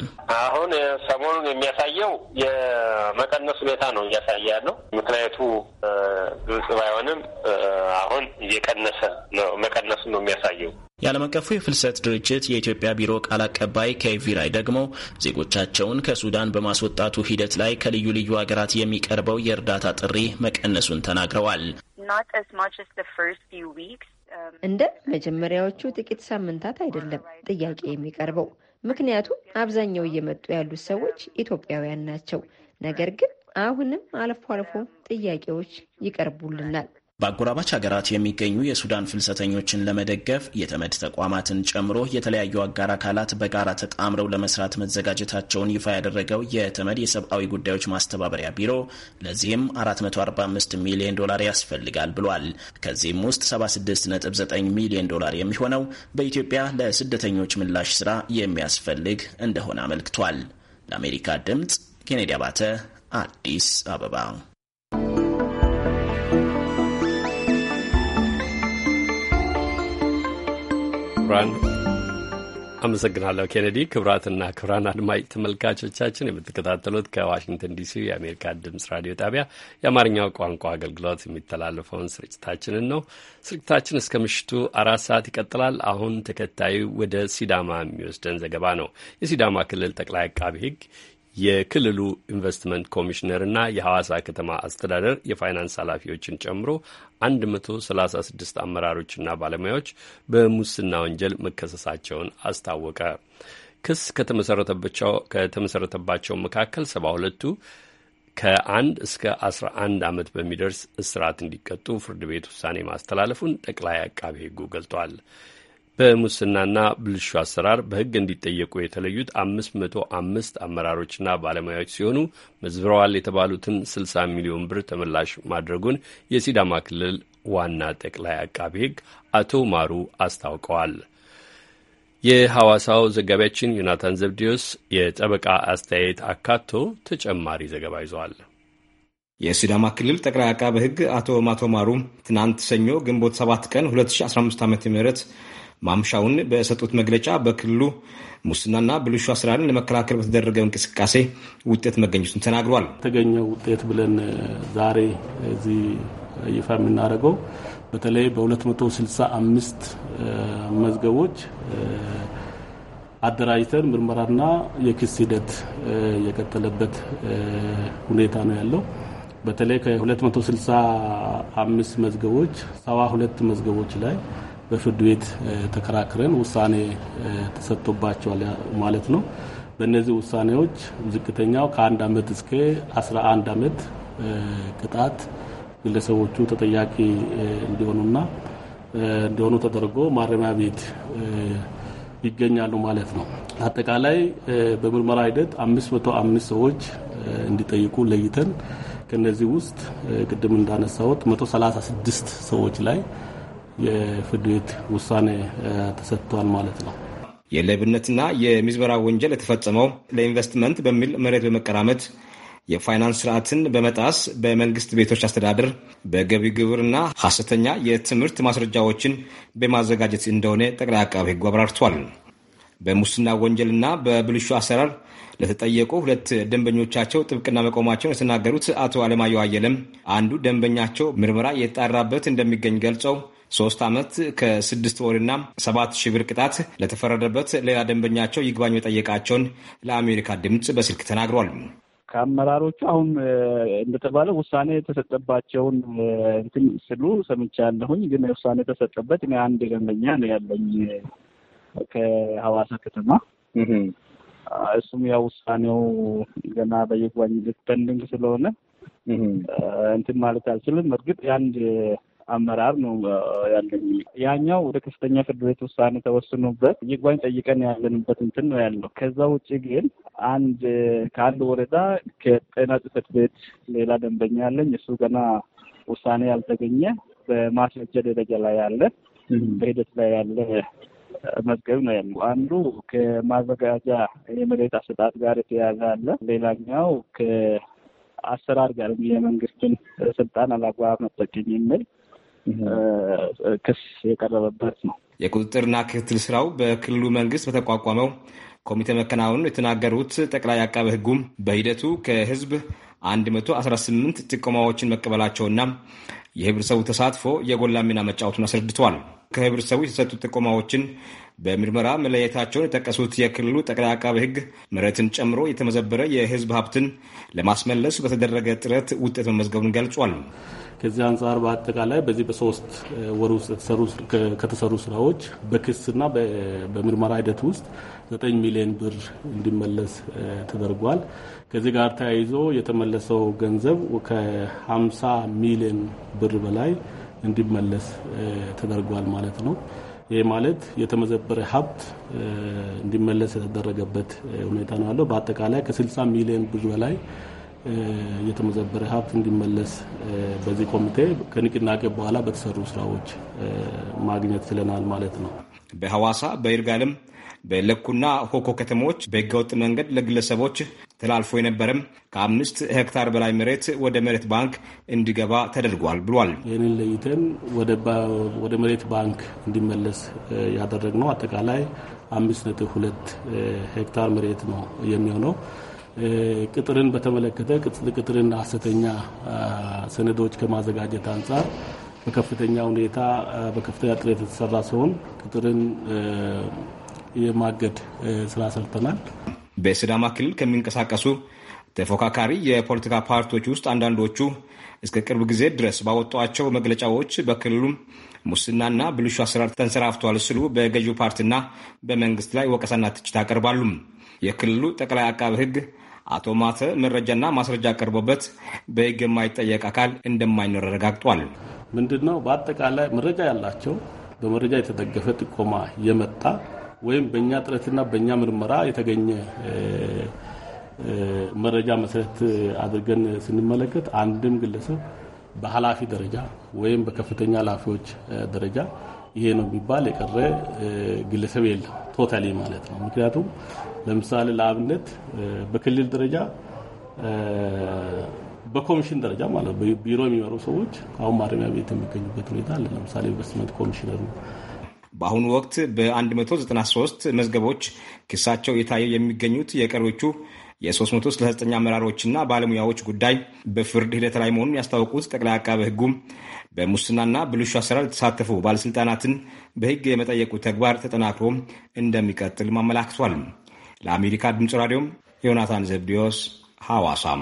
አሁን ሰሞኑን የሚያሳየው የመቀነስ ሁኔታ ነው እያሳየ ያለው። ምክንያቱ ግልጽ ባይሆንም አሁን እየቀነሰ ነው መቀነሱ ነው የሚያሳየው የዓለም አቀፉ የፍልሰት ድርጅት የኢትዮጵያ ቢሮ ቃል አቀባይ ኬቪ ላይ ደግሞ ዜጎቻቸውን ከሱዳን በማስወጣቱ ሂደት ላይ ከልዩ ልዩ ሀገራት የሚቀርበው የእርዳታ ጥሪ መቀነሱን ተናግረዋል። um, እንደ መጀመሪያዎቹ ጥቂት ሳምንታት አይደለም ጥያቄ የሚቀርበው። ምክንያቱም አብዛኛው እየመጡ ያሉት ሰዎች ኢትዮጵያውያን ናቸው። ነገር ግን አሁንም አልፎ አልፎ ጥያቄዎች ይቀርቡልናል። በአጎራባች ሀገራት የሚገኙ የሱዳን ፍልሰተኞችን ለመደገፍ የተመድ ተቋማትን ጨምሮ የተለያዩ አጋር አካላት በጋራ ተጣምረው ለመስራት መዘጋጀታቸውን ይፋ ያደረገው የተመድ የሰብአዊ ጉዳዮች ማስተባበሪያ ቢሮ ለዚህም 445 ሚሊዮን ዶላር ያስፈልጋል ብሏል። ከዚህም ውስጥ 769 ሚሊዮን ዶላር የሚሆነው በኢትዮጵያ ለስደተኞች ምላሽ ስራ የሚያስፈልግ እንደሆነ አመልክቷል። ለአሜሪካ ድምጽ ኬኔዲ አባተ አዲስ አበባ ክቡራን አመሰግናለሁ ኬኔዲ። ክቡራትና ክቡራን አድማጭ ተመልካቾቻችን የምትከታተሉት ከዋሽንግተን ዲሲ የአሜሪካ ድምጽ ራዲዮ ጣቢያ የአማርኛው ቋንቋ አገልግሎት የሚተላለፈውን ስርጭታችንን ነው። ስርጭታችን እስከ ምሽቱ አራት ሰዓት ይቀጥላል። አሁን ተከታዩ ወደ ሲዳማ የሚወስደን ዘገባ ነው። የሲዳማ ክልል ጠቅላይ አቃቢ ሕግ የክልሉ ኢንቨስትመንት ኮሚሽነርና የሐዋሳ ከተማ አስተዳደር የፋይናንስ ኃላፊዎችን ጨምሮ 136 አመራሮችና ባለሙያዎች በሙስና ወንጀል መከሰሳቸውን አስታወቀ። ክስ ከተመሰረተባቸው መካከል 72ቱ ከአንድ እስከ 11 ዓመት በሚደርስ እስራት እንዲቀጡ ፍርድ ቤት ውሳኔ ማስተላለፉን ጠቅላይ አቃቤ ሕጉ ገልጧል። በሙስናና ብልሹ አሰራር በሕግ እንዲጠየቁ የተለዩት አምስት መቶ አምስት አመራሮችና ባለሙያዎች ሲሆኑ መዝብረዋል የተባሉትን ስልሳ ሚሊዮን ብር ተመላሽ ማድረጉን የሲዳማ ክልል ዋና ጠቅላይ አቃቢ ሕግ አቶ ማሩ አስታውቀዋል። የሐዋሳው ዘጋቢያችን ዮናታን ዘብዲዮስ የጠበቃ አስተያየት አካቶ ተጨማሪ ዘገባ ይዘዋል። የሲዳማ ክልል ጠቅላይ አቃቤ ሕግ አቶ ማቶ ማሩ ትናንት ሰኞ ግንቦት 7 ቀን 2015 ዓ ም ማምሻውን በሰጡት መግለጫ በክልሉ ሙስናና ብልሹ አሰራርን ለመከላከል በተደረገው እንቅስቃሴ ውጤት መገኘቱን ተናግሯል። የተገኘው ውጤት ብለን ዛሬ እዚህ ይፋ የምናደርገው በተለይ በ265 መዝገቦች አደራጅተን ምርመራና የክስ ሂደት የቀጠለበት ሁኔታ ነው ያለው። በተለይ ከ265 መዝገቦች ሰባ መዝገቦች ላይ በፍርድ ቤት ተከራክረን ውሳኔ ተሰጥቶባቸዋል ማለት ነው። በእነዚህ ውሳኔዎች ዝቅተኛው ከአንድ አመት እስከ 11 አመት ቅጣት ግለሰቦቹ ተጠያቂ እንዲሆኑና እንዲሆኑ ተደርጎ ማረሚያ ቤት ይገኛሉ ማለት ነው። አጠቃላይ በምርመራ ሂደት 505 ሰዎች እንዲጠይቁ ለይተን ከነዚህ ውስጥ ቅድም እንዳነሳሁት 136 ሰዎች ላይ የፍርድ ቤት ውሳኔ ተሰጥቷል ማለት ነው። የሌብነትና የምዝበራ ወንጀል የተፈጸመው ለኢንቨስትመንት በሚል መሬት በመቀራመት የፋይናንስ ስርዓትን በመጣስ በመንግስት ቤቶች አስተዳደር በገቢ ግብርና ሐሰተኛ የትምህርት ማስረጃዎችን በማዘጋጀት እንደሆነ ጠቅላይ አቃቤ ሕጉ አብራርቷል። በሙስና ወንጀልና በብልሹ አሰራር ለተጠየቁ ሁለት ደንበኞቻቸው ጥብቅና መቆማቸውን የተናገሩት አቶ አለማየሁ አየለም አንዱ ደንበኛቸው ምርመራ የተጣራበት እንደሚገኝ ገልጸው ሶስት ዓመት ከስድስት ወርና ሰባት ሺህ ብር ቅጣት ለተፈረደበት ሌላ ደንበኛቸው ይግባኝ መጠየቃቸውን ለአሜሪካ ድምፅ በስልክ ተናግሯል። ከአመራሮቹ አሁን እንደተባለ ውሳኔ የተሰጠባቸውን እንትን ስሉ ሰምቻለሁኝ። ግን ውሳኔ የተሰጠበት እኔ አንድ ደንበኛ ነው ያለኝ ከሐዋሳ ከተማ እሱም ያው ውሳኔው ገና በይግባኝ ፔንዲንግ ስለሆነ እንትን ማለት አልችልም። እርግጥ የአንድ አመራር ነው ያለኝ። ያኛው ወደ ከፍተኛ ፍርድ ቤት ውሳኔ ተወስኖበት ይግባኝ ጠይቀን ያለንበት እንትን ነው ያለው። ከዛ ውጭ ግን አንድ ከአንድ ወረዳ ከጤና ጽሕፈት ቤት ሌላ ደንበኛ ያለኝ እሱ ገና ውሳኔ ያልተገኘ በማስረጃ ደረጃ ላይ ያለ በሂደት ላይ ያለ መዝገብ ነው ያለው። አንዱ ከማዘጋጃ የመሬት አሰጣጥ ጋር የተያዘ አለ። ሌላኛው ከአሰራር ጋር የመንግስትን ስልጣን አላግባብ መጠቀም የሚል ክስ የቀረበበት ነው። የቁጥጥርና ክትትል ስራው በክልሉ መንግስት በተቋቋመው ኮሚቴ መከናወኑን የተናገሩት ጠቅላይ አቃቤ ሕጉም በሂደቱ ከህዝብ 118 ጥቆማዎችን መቀበላቸውና የህብረተሰቡ ተሳትፎ የጎላ ሚና መጫወቱን አስረድተዋል። ከህብረተሰቡ የተሰጡ ጥቆማዎችን በምርመራ መለየታቸውን የጠቀሱት የክልሉ ጠቅላይ አቃቤ ሕግ መሬትን ጨምሮ የተመዘበረ የህዝብ ሀብትን ለማስመለስ በተደረገ ጥረት ውጤት መመዝገቡን ገልጿል። ከዚህ አንጻር በአጠቃላይ በዚህ በሶስት ወር ውስጥ ከተሰሩ ስራዎች በክስና በምርመራ ሂደት ውስጥ ዘጠኝ ሚሊዮን ብር እንዲመለስ ተደርጓል። ከዚህ ጋር ተያይዞ የተመለሰው ገንዘብ ከ50 ሚሊዮን ብር በላይ እንዲመለስ ተደርጓል ማለት ነው። ይህ ማለት የተመዘበረ ሀብት እንዲመለስ የተደረገበት ሁኔታ ነው ያለው። በአጠቃላይ ከ60 ሚሊዮን ብር በላይ የተመዘበረ ሀብት እንዲመለስ በዚህ ኮሚቴ ከንቅናቄ በኋላ በተሰሩ ስራዎች ማግኘት ችለናል ማለት ነው። በሐዋሳ በይርጋለም በለኩና ሆኮ ከተሞች በህገወጥ መንገድ ለግለሰቦች ተላልፎ የነበረም ከአምስት ሄክታር በላይ መሬት ወደ መሬት ባንክ እንዲገባ ተደርጓል ብሏል። ይህንን ለይተን ወደ መሬት ባንክ እንዲመለስ ያደረግነው አጠቃላይ አምስት ነጥብ ሁለት ሄክታር መሬት ነው የሚሆነው ቅጥርን በተመለከተ ቅጥርን ሐሰተኛ ሰነዶች ከማዘጋጀት አንጻር በከፍተኛ ሁኔታ በከፍተኛ ጥረት የተሰራ ሲሆን ቅጥርን የማገድ ስራ ሰርተናል። በስዳማ ክልል ከሚንቀሳቀሱ ተፎካካሪ የፖለቲካ ፓርቲዎች ውስጥ አንዳንዶቹ እስከ ቅርብ ጊዜ ድረስ ባወጧቸው መግለጫዎች በክልሉ ሙስናና ብልሹ አሰራር ተንሰራፍተዋል ሲሉ በገዢው ፓርቲና በመንግስት ላይ ወቀሳና ትችት አቀርባሉ። የክልሉ ጠቅላይ አቃብ ሕግ አቶ ማተ መረጃና ማስረጃ ቀርቦበት በህግ የማይጠየቅ አካል እንደማይኖር አረጋግጧል። ምንድን ነው በአጠቃላይ መረጃ ያላቸው በመረጃ የተደገፈ ጥቆማ የመጣ ወይም በእኛ ጥረትና በእኛ ምርመራ የተገኘ መረጃ መሰረት አድርገን ስንመለከት አንድም ግለሰብ በኃላፊ ደረጃ ወይም በከፍተኛ ኃላፊዎች ደረጃ ይሄ ነው የሚባል የቀረ ግለሰብ የለም። ቶታሊ ማለት ነው። ምክንያቱም ለምሳሌ ለአብነት በክልል ደረጃ በኮሚሽን ደረጃ ማለት ቢሮ የሚመሩ ሰዎች አሁን ማረሚያ ቤት የሚገኙበት ሁኔታ አለ። ለምሳሌ ኢንቨስትመንት ኮሚሽነሩ በአሁኑ ወቅት በ193 መዝገቦች ክሳቸው የታየ የሚገኙት የቀሪዎቹ የ369 አመራሮችና ባለሙያዎች ጉዳይ በፍርድ ሂደት ላይ መሆኑን ያስታወቁት ጠቅላይ አቃቤ ሕጉም በሙስናና ብልሹ አሰራር የተሳተፉ ባለስልጣናትን በሕግ የመጠየቁ ተግባር ተጠናክሮ እንደሚቀጥል አመላክቷል። ለአሜሪካ ድምፅ ራዲዮም ዮናታን ዘብዲዮስ ሐዋሳም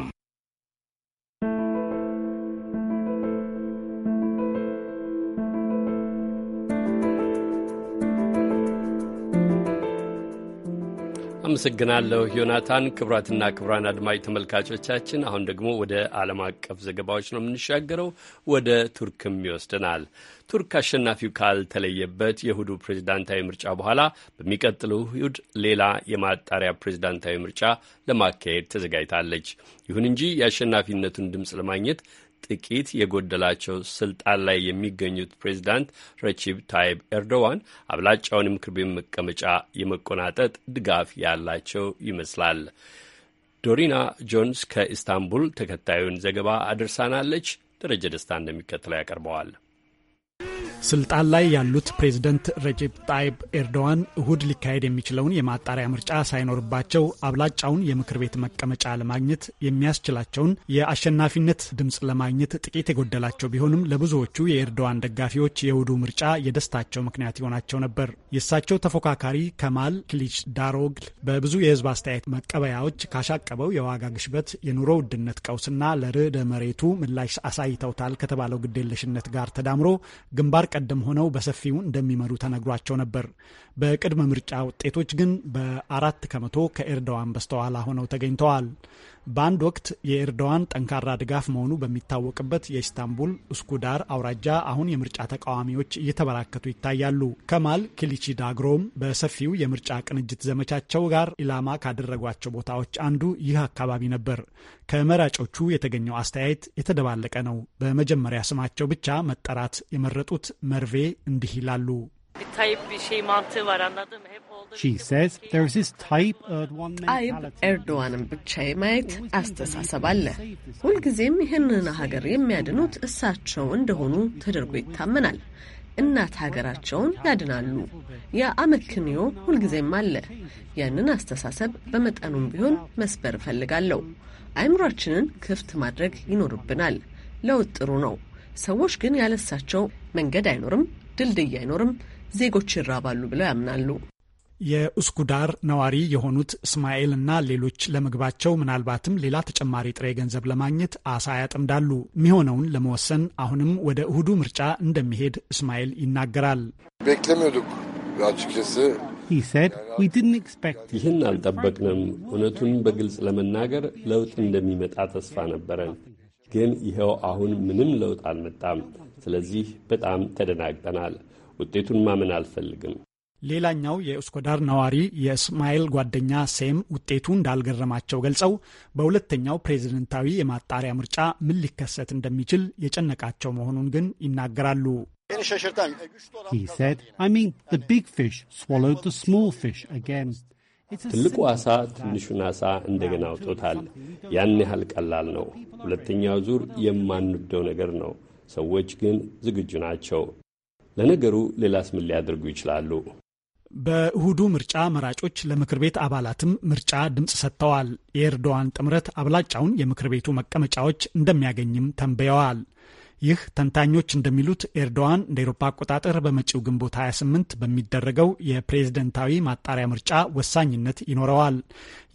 አመሰግናለሁ ዮናታን። ክቡራትና ክቡራን አድማጭ ተመልካቾቻችን አሁን ደግሞ ወደ ዓለም አቀፍ ዘገባዎች ነው የምንሻገረው። ወደ ቱርክም ይወስደናል። ቱርክ አሸናፊው ካልተለየበት የእሁዱ ፕሬዝዳንታዊ ምርጫ በኋላ በሚቀጥለው እሁድ ሌላ የማጣሪያ ፕሬዝዳንታዊ ምርጫ ለማካሄድ ተዘጋጅታለች። ይሁን እንጂ የአሸናፊነቱን ድምፅ ለማግኘት ጥቂት የጎደላቸው ስልጣን ላይ የሚገኙት ፕሬዚዳንት ረቺብ ታይብ ኤርዶዋን አብላጫውን የምክር ቤት መቀመጫ የመቆናጠጥ ድጋፍ ያላቸው ይመስላል። ዶሪና ጆንስ ከኢስታንቡል ተከታዩን ዘገባ አድርሳናለች። ደረጀ ደስታ እንደሚከተለው ያቀርበዋል። ስልጣን ላይ ያሉት ፕሬዝደንት ረጀብ ጣይብ ኤርዶዋን እሁድ ሊካሄድ የሚችለውን የማጣሪያ ምርጫ ሳይኖርባቸው አብላጫውን የምክር ቤት መቀመጫ ለማግኘት የሚያስችላቸውን የአሸናፊነት ድምፅ ለማግኘት ጥቂት የጎደላቸው ቢሆንም ለብዙዎቹ የኤርዶዋን ደጋፊዎች የእሁዱ ምርጫ የደስታቸው ምክንያት ይሆናቸው ነበር። የእሳቸው ተፎካካሪ ከማል ክሊች ዳሮግል በብዙ የህዝብ አስተያየት መቀበያዎች ካሻቀበው የዋጋ ግሽበት፣ የኑሮ ውድነት ቀውስና ለርዕደ መሬቱ ምላሽ አሳይተውታል ከተባለው ግዴለሽነት ጋር ተዳምሮ ግንባር ቀደም ሆነው በሰፊው እንደሚመሩ ተነግሯቸው ነበር። በቅድመ ምርጫ ውጤቶች ግን በአራት ከመቶ ከኤርዶዋን በስተኋላ ሆነው ተገኝተዋል። በአንድ ወቅት የኤርዶዋን ጠንካራ ድጋፍ መሆኑ በሚታወቅበት የኢስታንቡል እስኩዳር አውራጃ አሁን የምርጫ ተቃዋሚዎች እየተበራከቱ ይታያሉ። ከማል ዳግሮም በሰፊው የምርጫ ቅንጅት ዘመቻቸው ጋር ኢላማ ካደረጓቸው ቦታዎች አንዱ ይህ አካባቢ ነበር። ከመራጮቹ የተገኘው አስተያየት የተደባለቀ ነው። በመጀመሪያ ስማቸው ብቻ መጠራት የመረጡት መርቬ እንዲህ ይላሉ። ጣይብ ኤርዶዋንን ብቻ የማየት አስተሳሰብ አለ። ሁልጊዜም ይህንን ሀገር የሚያድኑት እሳቸው እንደሆኑ ተደርጎ ይታመናል። እናት ሀገራቸውን ያድናሉ። የአመክንዮ ሁልጊዜም አለ። ያንን አስተሳሰብ በመጠኑም ቢሆን መስበር እፈልጋለሁ። አይምሯችንን ክፍት ማድረግ ይኖርብናል። ለውጥ ጥሩ ነው። ሰዎች ግን ያለሳቸው መንገድ አይኖርም፣ ድልድይ አይኖርም፣ ዜጎች ይራባሉ ብለው ያምናሉ። የኡስኩዳር ነዋሪ የሆኑት እስማኤል እና ሌሎች ለምግባቸው ምናልባትም ሌላ ተጨማሪ ጥሬ ገንዘብ ለማግኘት አሳ ያጠምዳሉ። የሚሆነውን ለመወሰን አሁንም ወደ እሁዱ ምርጫ እንደሚሄድ እስማኤል ይናገራል። ይህን አልጠበቅንም። እውነቱን በግልጽ ለመናገር ለውጥ እንደሚመጣ ተስፋ ነበረን፣ ግን ይኸው አሁን ምንም ለውጥ አልመጣም። ስለዚህ በጣም ተደናግጠናል። ውጤቱን ማመን አልፈልግም። ሌላኛው የኡስኮዳር ነዋሪ የእስማኤል ጓደኛ ሴም ውጤቱ እንዳልገረማቸው ገልጸው በሁለተኛው ፕሬዝደንታዊ የማጣሪያ ምርጫ ምን ሊከሰት እንደሚችል የጨነቃቸው መሆኑን ግን ይናገራሉ። ትልቁ ዓሣ ትንሹን ዓሣ እንደገና አውጦታል። ያን ያህል ቀላል ነው። ሁለተኛው ዙር የማንወደው ነገር ነው። ሰዎች ግን ዝግጁ ናቸው። ለነገሩ ሌላስ ምን ሊያደርጉ ይችላሉ? በእሁዱ ምርጫ መራጮች ለምክር ቤት አባላትም ምርጫ ድምፅ ሰጥተዋል። የኤርዶዋን ጥምረት አብላጫውን የምክር ቤቱ መቀመጫዎች እንደሚያገኝም ተንብየዋል። ይህ ተንታኞች እንደሚሉት ኤርዶዋን እንደ ኤሮፓ አቆጣጠር በመጪው ግንቦት 28 በሚደረገው የፕሬዝደንታዊ ማጣሪያ ምርጫ ወሳኝነት ይኖረዋል።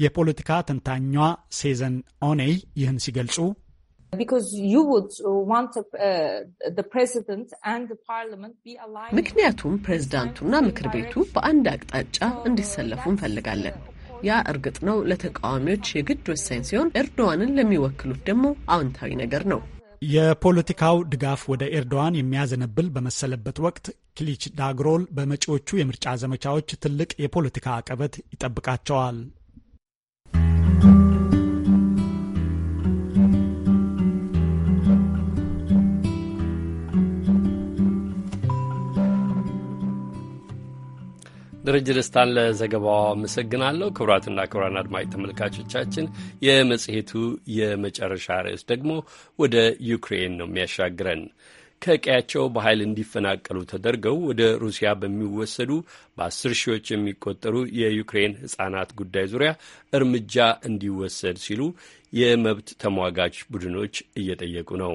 የፖለቲካ ተንታኟ ሴዘን ኦኔይ ይህን ሲገልጹ Uh, uh, ምክንያቱም ፕሬዝዳንቱና ምክር ቤቱ በአንድ አቅጣጫ እንዲሰለፉ እንፈልጋለን። ያ እርግጥ ነው ለተቃዋሚዎች የግድ ወሳኝ ሲሆን፣ ኤርዶዋንን ለሚወክሉት ደግሞ አዎንታዊ ነገር ነው። የፖለቲካው ድጋፍ ወደ ኤርዶዋን የሚያዘነብል በመሰለበት ወቅት ክሊች ዳግሮል በመጪዎቹ የምርጫ ዘመቻዎች ትልቅ የፖለቲካ አቀበት ይጠብቃቸዋል። ደረጀ ደስታን ለዘገባው አመሰግናለሁ። ክቡራትና ክቡራን አድማጭ ተመልካቾቻችን የመጽሔቱ የመጨረሻ ርዕስ ደግሞ ወደ ዩክሬን ነው የሚያሻግረን። ከቀያቸው በኃይል እንዲፈናቀሉ ተደርገው ወደ ሩሲያ በሚወሰዱ በአስር ሺዎች የሚቆጠሩ የዩክሬን ሕጻናት ጉዳይ ዙሪያ እርምጃ እንዲወሰድ ሲሉ የመብት ተሟጋች ቡድኖች እየጠየቁ ነው።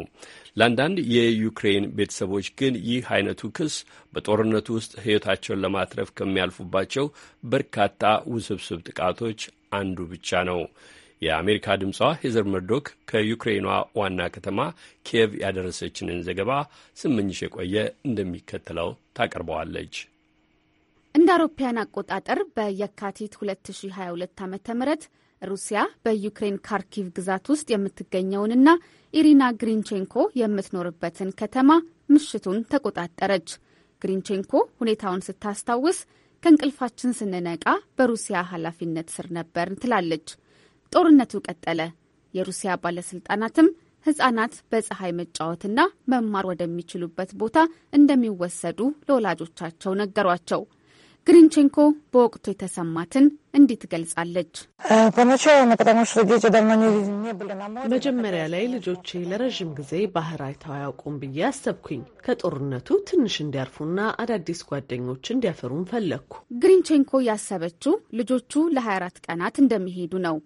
ለአንዳንድ የዩክሬን ቤተሰቦች ግን ይህ አይነቱ ክስ በጦርነቱ ውስጥ ሕይወታቸውን ለማትረፍ ከሚያልፉባቸው በርካታ ውስብስብ ጥቃቶች አንዱ ብቻ ነው። የአሜሪካ ድምጿ ሄዘር መርዶክ ከዩክሬኗ ዋና ከተማ ኪየቭ ያደረሰችንን ዘገባ ስምኝሽ የቆየ እንደሚከተለው ታቀርበዋለች። እንደ አውሮፓያን አቆጣጠር በየካቲት 2022 ዓ ም ሩሲያ በዩክሬን ካርኪቭ ግዛት ውስጥ የምትገኘውንና ኢሪና ግሪንቼንኮ የምትኖርበትን ከተማ ምሽቱን ተቆጣጠረች። ግሪንቼንኮ ሁኔታውን ስታስታውስ ከእንቅልፋችን ስንነቃ በሩሲያ ኃላፊነት ስር ነበርን ትላለች። ጦርነቱ ቀጠለ። የሩሲያ ባለስልጣናትም ሕፃናት በፀሐይ መጫወትና መማር ወደሚችሉበት ቦታ እንደሚወሰዱ ለወላጆቻቸው ነገሯቸው። ግሪንቼንኮ በወቅቱ የተሰማትን እንዲህ ትገልጻለች። መጀመሪያ ላይ ልጆቼ ለረዥም ጊዜ ባህር አይተው አያውቁም ብዬ አሰብኩኝ። ከጦርነቱ ትንሽ እንዲያርፉና አዳዲስ ጓደኞች እንዲያፈሩም ፈለግኩ። ግሪንቼንኮ ያሰበችው ልጆቹ ለ24 ቀናት እንደሚሄዱ ነው።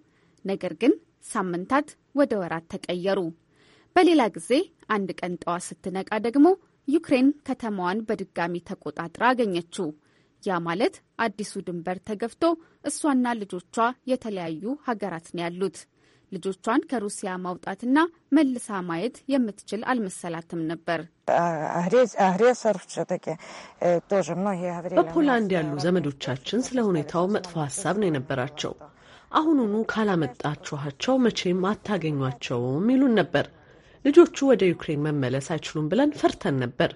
ነገር ግን ሳምንታት ወደ ወራት ተቀየሩ። በሌላ ጊዜ አንድ ቀን ጠዋት ስትነቃ ደግሞ ዩክሬን ከተማዋን በድጋሚ ተቆጣጥራ አገኘችው። ያ ማለት አዲሱ ድንበር ተገፍቶ እሷና ልጆቿ የተለያዩ ሀገራት ነው ያሉት። ልጆቿን ከሩሲያ ማውጣትና መልሳ ማየት የምትችል አልመሰላትም ነበር። በፖላንድ ያሉ ዘመዶቻችን ስለ ሁኔታው መጥፎ ሀሳብ ነው የነበራቸው። አሁኑኑ ካላመጣችኋቸው መቼም አታገኟቸውም ይሉን ነበር። ልጆቹ ወደ ዩክሬን መመለስ አይችሉም ብለን ፈርተን ነበር።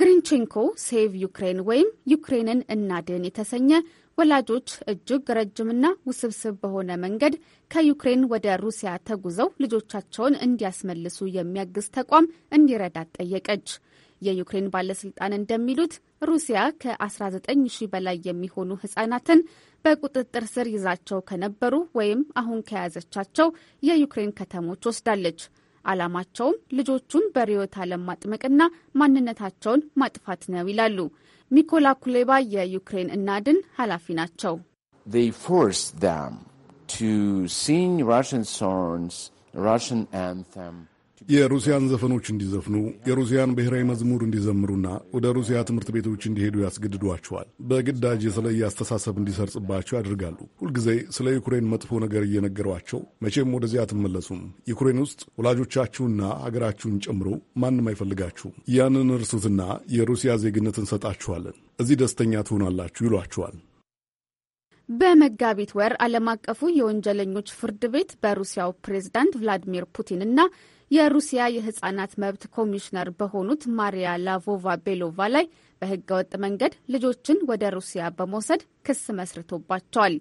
ግሪንቼንኮ ሴቭ ዩክሬን ወይም ዩክሬንን እናድን የተሰኘ ወላጆች እጅግ ረጅምና ውስብስብ በሆነ መንገድ ከዩክሬን ወደ ሩሲያ ተጉዘው ልጆቻቸውን እንዲያስመልሱ የሚያግዝ ተቋም እንዲረዳት ጠየቀች። የዩክሬን ባለስልጣን እንደሚሉት ሩሲያ ከ19 በላይ የሚሆኑ ህጻናትን በቁጥጥር ስር ይዛቸው ከነበሩ ወይም አሁን ከያዘቻቸው የዩክሬን ከተሞች ወስዳለች። ዓላማቸውም ልጆቹን በርዕዮተ ዓለም ማጥመቅና ማንነታቸውን ማጥፋት ነው ይላሉ። ሚኮላ ኩሌባ የዩክሬን እናድን ኃላፊ ናቸው። ፎርስ ራሽን ሶንግስ ራሽን አንተም የሩሲያን ዘፈኖች እንዲዘፍኑ የሩሲያን ብሔራዊ መዝሙር እንዲዘምሩና ወደ ሩሲያ ትምህርት ቤቶች እንዲሄዱ ያስገድዷቸዋል። በግዳጅ የተለየ አስተሳሰብ እንዲሰርጽባቸው ያደርጋሉ። ሁልጊዜ ስለ ዩክሬን መጥፎ ነገር እየነገሯቸው መቼም ወደዚያ አትመለሱም፣ ዩክሬን ውስጥ ወላጆቻችሁና አገራችሁን ጨምሮ ማንም አይፈልጋችሁም፣ ያንን እርሱትና የሩሲያ ዜግነት እንሰጣችኋለን፣ እዚህ ደስተኛ ትሆናላችሁ ይሏቸዋል። በመጋቢት ወር ዓለም አቀፉ የወንጀለኞች ፍርድ ቤት በሩሲያው ፕሬዝዳንት ቭላዲሚር ፑቲን እና የሩሲያ የህጻናት መብት ኮሚሽነር በሆኑት ማሪያ ላቮቫ ቤሎቫ ላይ በህገወጥ መንገድ ልጆችን ወደ ሩሲያ በመውሰድ ክስ መስርቶባቸዋል።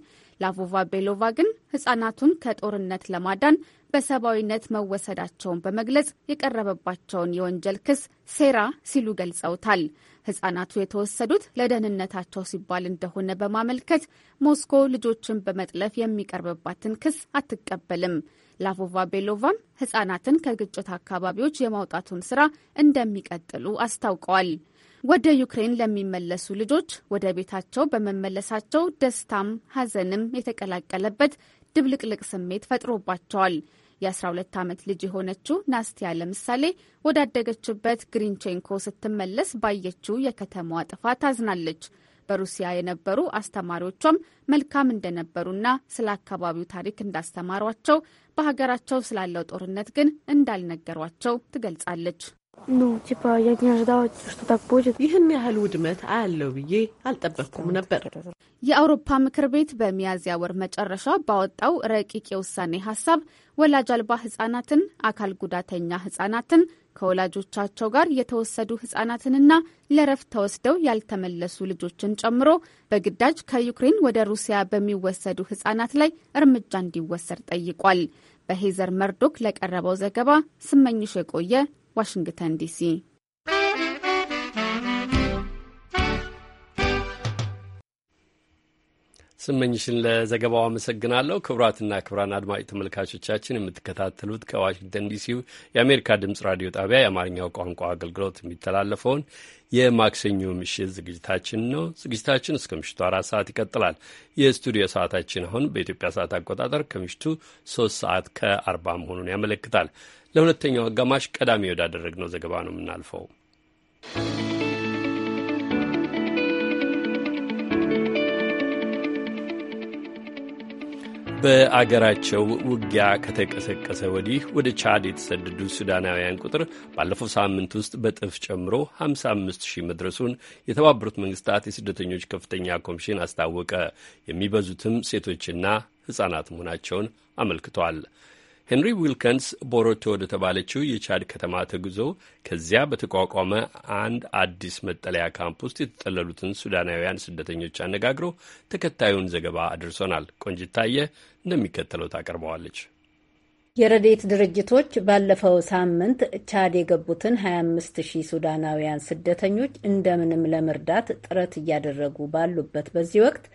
ላቮቫ ቤሎቫ ግን ህጻናቱን ከጦርነት ለማዳን በሰብአዊነት መወሰዳቸውን በመግለጽ የቀረበባቸውን የወንጀል ክስ ሴራ ሲሉ ገልጸውታል። ህጻናቱ የተወሰዱት ለደህንነታቸው ሲባል እንደሆነ በማመልከት ሞስኮ ልጆችን በመጥለፍ የሚቀርብባትን ክስ አትቀበልም። ላቮቫ ቤሎቫም ህጻናትን ከግጭት አካባቢዎች የማውጣቱን ስራ እንደሚቀጥሉ አስታውቀዋል። ወደ ዩክሬን ለሚመለሱ ልጆች ወደ ቤታቸው በመመለሳቸው ደስታም ሀዘንም የተቀላቀለበት ድብልቅልቅ ስሜት ፈጥሮባቸዋል። የ12 ዓመት ልጅ የሆነችው ናስቲያ ለምሳሌ ወዳደገችበት ግሪንቼንኮ ስትመለስ ባየችው የከተማዋ ጥፋት ታዝናለች። በሩሲያ የነበሩ አስተማሪዎቿም መልካም እንደነበሩና ስለ አካባቢው ታሪክ እንዳስተማሯቸው በሀገራቸው ስላለው ጦርነት ግን እንዳልነገሯቸው ትገልጻለች። ይህን ያህል ውድመት አያለው ብዬ አልጠበቅኩም ነበር። የአውሮፓ ምክር ቤት በሚያዝያ ወር መጨረሻ ባወጣው ረቂቅ የውሳኔ ሀሳብ ወላጅ አልባ ህጻናትን፣ አካል ጉዳተኛ ህጻናትን ከወላጆቻቸው ጋር የተወሰዱ ህጻናትንና ለረፍት ተወስደው ያልተመለሱ ልጆችን ጨምሮ በግዳጅ ከዩክሬን ወደ ሩሲያ በሚወሰዱ ህጻናት ላይ እርምጃ እንዲወሰድ ጠይቋል። በሄዘር መርዶክ ለቀረበው ዘገባ ስመኝሽ የቆየ ዋሽንግተን ዲሲ። ስመኝሽን ለዘገባው አመሰግናለሁ። ክቡራትና ክቡራን አድማጭ ተመልካቾቻችን የምትከታተሉት ከዋሽንግተን ዲሲው የአሜሪካ ድምጽ ራዲዮ ጣቢያ የአማርኛው ቋንቋ አገልግሎት የሚተላለፈውን የማክሰኞ ምሽት ዝግጅታችን ነው። ዝግጅታችን እስከ ምሽቱ አራት ሰዓት ይቀጥላል። የስቱዲዮ ሰዓታችን አሁን በኢትዮጵያ ሰዓት አቆጣጠር ከምሽቱ ሶስት ሰዓት ከአርባ መሆኑን ያመለክታል። ለሁለተኛው አጋማሽ ቀዳሚ ወዳደረግነው ዘገባ ነው የምናልፈው። በአገራቸው ውጊያ ከተቀሰቀሰ ወዲህ ወደ ቻድ የተሰደዱ ሱዳናውያን ቁጥር ባለፈው ሳምንት ውስጥ በጥፍ ጨምሮ 55 ሺህ መድረሱን የተባበሩት መንግስታት የስደተኞች ከፍተኛ ኮሚሽን አስታወቀ። የሚበዙትም ሴቶችና ሕፃናት መሆናቸውን አመልክቷል። ሄንሪ ዊልከንስ ቦሮቶ ወደ ተባለችው የቻድ ከተማ ተጉዞ ከዚያ በተቋቋመ አንድ አዲስ መጠለያ ካምፕ ውስጥ የተጠለሉትን ሱዳናውያን ስደተኞች አነጋግሮ ተከታዩን ዘገባ አድርሶናል። ቆንጅታየ እንደሚከተለው ታቀርበዋለች። የረዴት ድርጅቶች ባለፈው ሳምንት ቻድ የገቡትን 25 ሺህ ሱዳናውያን ስደተኞች እንደምንም ለመርዳት ጥረት እያደረጉ ባሉበት በዚህ ወቅት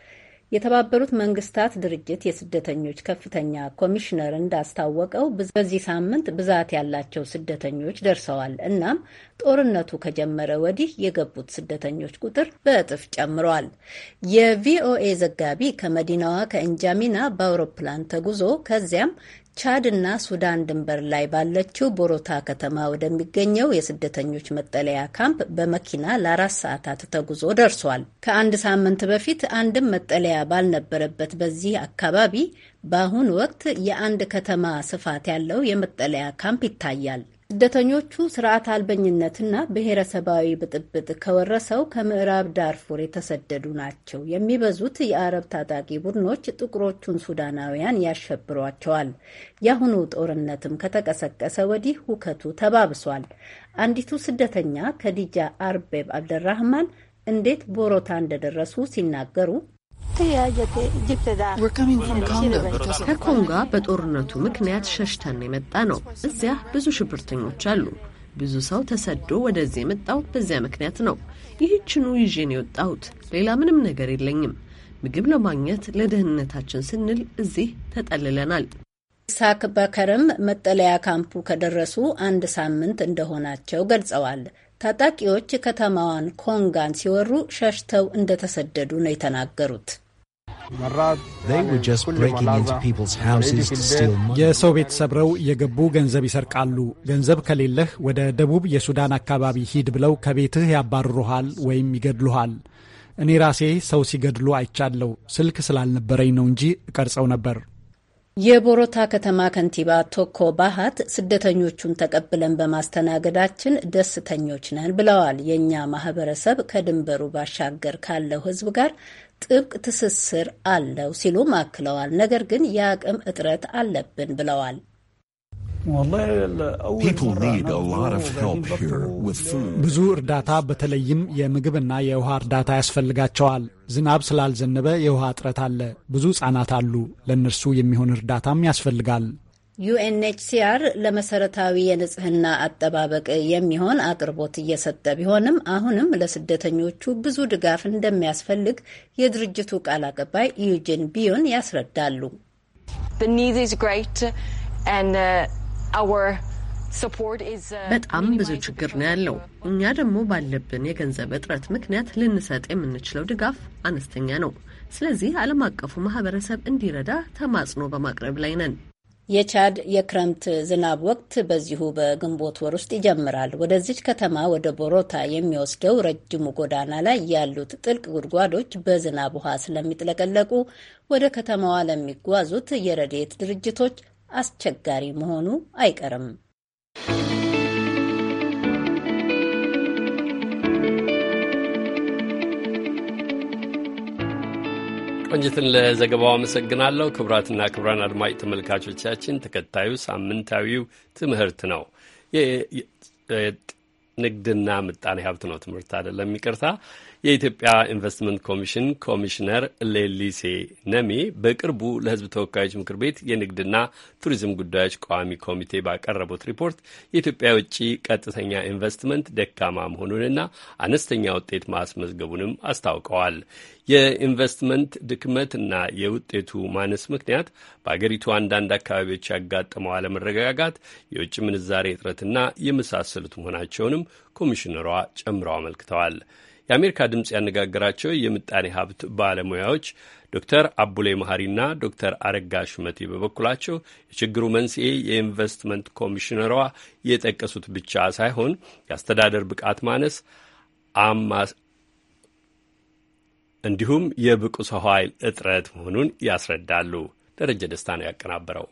የተባበሩት መንግስታት ድርጅት የስደተኞች ከፍተኛ ኮሚሽነር እንዳስታወቀው በዚህ ሳምንት ብዛት ያላቸው ስደተኞች ደርሰዋል። እናም ጦርነቱ ከጀመረ ወዲህ የገቡት ስደተኞች ቁጥር በእጥፍ ጨምሯል። የቪኦኤ ዘጋቢ ከመዲናዋ ከእንጃሚና በአውሮፕላን ተጉዞ ከዚያም ቻድ እና ሱዳን ድንበር ላይ ባለችው ቦሮታ ከተማ ወደሚገኘው የስደተኞች መጠለያ ካምፕ በመኪና ለአራት ሰዓታት ተጉዞ ደርሷል። ከአንድ ሳምንት በፊት አንድም መጠለያ ባልነበረበት በዚህ አካባቢ በአሁኑ ወቅት የአንድ ከተማ ስፋት ያለው የመጠለያ ካምፕ ይታያል። ስደተኞቹ ስርዓት አልበኝነትና ብሔረሰባዊ ብጥብጥ ከወረሰው ከምዕራብ ዳርፉር የተሰደዱ ናቸው። የሚበዙት የአረብ ታጣቂ ቡድኖች ጥቁሮቹን ሱዳናውያን ያሸብሯቸዋል። የአሁኑ ጦርነትም ከተቀሰቀሰ ወዲህ ሁከቱ ተባብሷል። አንዲቱ ስደተኛ ከዲጃ አርቤብ አብደራህማን እንዴት ቦሮታ እንደደረሱ ሲናገሩ ከኮንጋ በጦርነቱ ምክንያት ሸሽተን የመጣ ነው። እዚያ ብዙ ሽብርተኞች አሉ። ብዙ ሰው ተሰዶ ወደዚህ የመጣው በዚያ ምክንያት ነው። ይህችኑ ይዤን የወጣሁት ሌላ ምንም ነገር የለኝም። ምግብ ለማግኘት ለደህንነታችን ስንል እዚህ ተጠልለናል። ሳክ በከርም መጠለያ ካምፑ ከደረሱ አንድ ሳምንት እንደሆናቸው ገልጸዋል። ታጣቂዎች ከተማዋን ኮንጋን ሲወሩ ሸሽተው እንደተሰደዱ ነው የተናገሩት። የሰው ቤት ሰብረው የገቡ ገንዘብ ይሰርቃሉ። ገንዘብ ከሌለህ ወደ ደቡብ የሱዳን አካባቢ ሂድ ብለው ከቤትህ ያባርሩሃል ወይም ይገድሉሃል። እኔ ራሴ ሰው ሲገድሉ አይቻለሁ። ስልክ ስላልነበረኝ ነው እንጂ እቀርጸው ነበር። የቦሮታ ከተማ ከንቲባ ቶኮ ባሃት ስደተኞቹን ተቀብለን በማስተናገዳችን ደስተኞች ነን ብለዋል። የእኛ ማህበረሰብ ከድንበሩ ባሻገር ካለው ሕዝብ ጋር ጥብቅ ትስስር አለው ሲሉም አክለዋል። ነገር ግን የአቅም እጥረት አለብን ብለዋል። ብዙ እርዳታ በተለይም የምግብና የውሃ እርዳታ ያስፈልጋቸዋል። ዝናብ ስላልዘነበ የውሃ እጥረት አለ። ብዙ ህጻናት አሉ። ለእነርሱ የሚሆን እርዳታም ያስፈልጋል። ዩኤንኤችሲአር ለመሰረታዊ የንጽህና አጠባበቅ የሚሆን አቅርቦት እየሰጠ ቢሆንም አሁንም ለስደተኞቹ ብዙ ድጋፍ እንደሚያስፈልግ የድርጅቱ ቃል አቀባይ ዩጂን ቢዮን ያስረዳሉ። Uh, በጣም ብዙ ችግር ነው ያለው። እኛ ደግሞ ባለብን የገንዘብ እጥረት ምክንያት ልንሰጥ የምንችለው ድጋፍ አነስተኛ ነው። ስለዚህ ዓለም አቀፉ ማህበረሰብ እንዲረዳ ተማጽኖ በማቅረብ ላይ ነን። የቻድ የክረምት ዝናብ ወቅት በዚሁ በግንቦት ወር ውስጥ ይጀምራል። ወደዚች ከተማ ወደ ቦሮታ የሚወስደው ረጅሙ ጎዳና ላይ ያሉት ጥልቅ ጉድጓዶች በዝናብ ውሃ ስለሚጥለቀለቁ ወደ ከተማዋ ለሚጓዙት የረድኤት ድርጅቶች አስቸጋሪ መሆኑ አይቀርም። ቆንጅትን ለዘገባው አመሰግናለሁ። ክቡራትና ክቡራን አድማጭ ተመልካቾቻችን ተከታዩ ሳምንታዊው ትምህርት ነው። ንግድና ምጣኔ ሀብት ነው፣ ትምህርት አይደለም፣ ይቅርታ። የኢትዮጵያ ኢንቨስትመንት ኮሚሽን ኮሚሽነር ሌሊሴ ነሜ በቅርቡ ለሕዝብ ተወካዮች ምክር ቤት የንግድና ቱሪዝም ጉዳዮች ቋሚ ኮሚቴ ባቀረቡት ሪፖርት የኢትዮጵያ ውጭ ቀጥተኛ ኢንቨስትመንት ደካማ መሆኑንና አነስተኛ ውጤት ማስመዝገቡንም አስታውቀዋል። የኢንቨስትመንት ድክመትና የውጤቱ ማነስ ምክንያት በአገሪቱ አንዳንድ አካባቢዎች ያጋጠመው አለመረጋጋት፣ የውጭ ምንዛሬ እጥረትና የመሳሰሉት መሆናቸውንም ኮሚሽነሯ ጨምረው አመልክተዋል። የአሜሪካ ድምፅ ያነጋገራቸው የምጣኔ ሀብት ባለሙያዎች ዶክተር አቡሌ መሀሪና ዶክተር አረጋ ሹመቴ በበኩላቸው የችግሩ መንስኤ የኢንቨስትመንት ኮሚሽነሯ የጠቀሱት ብቻ ሳይሆን የአስተዳደር ብቃት ማነስ እንዲሁም የብቁ ሰው ኃይል እጥረት መሆኑን ያስረዳሉ። ደረጀ ደስታ ነው ያቀናበረው።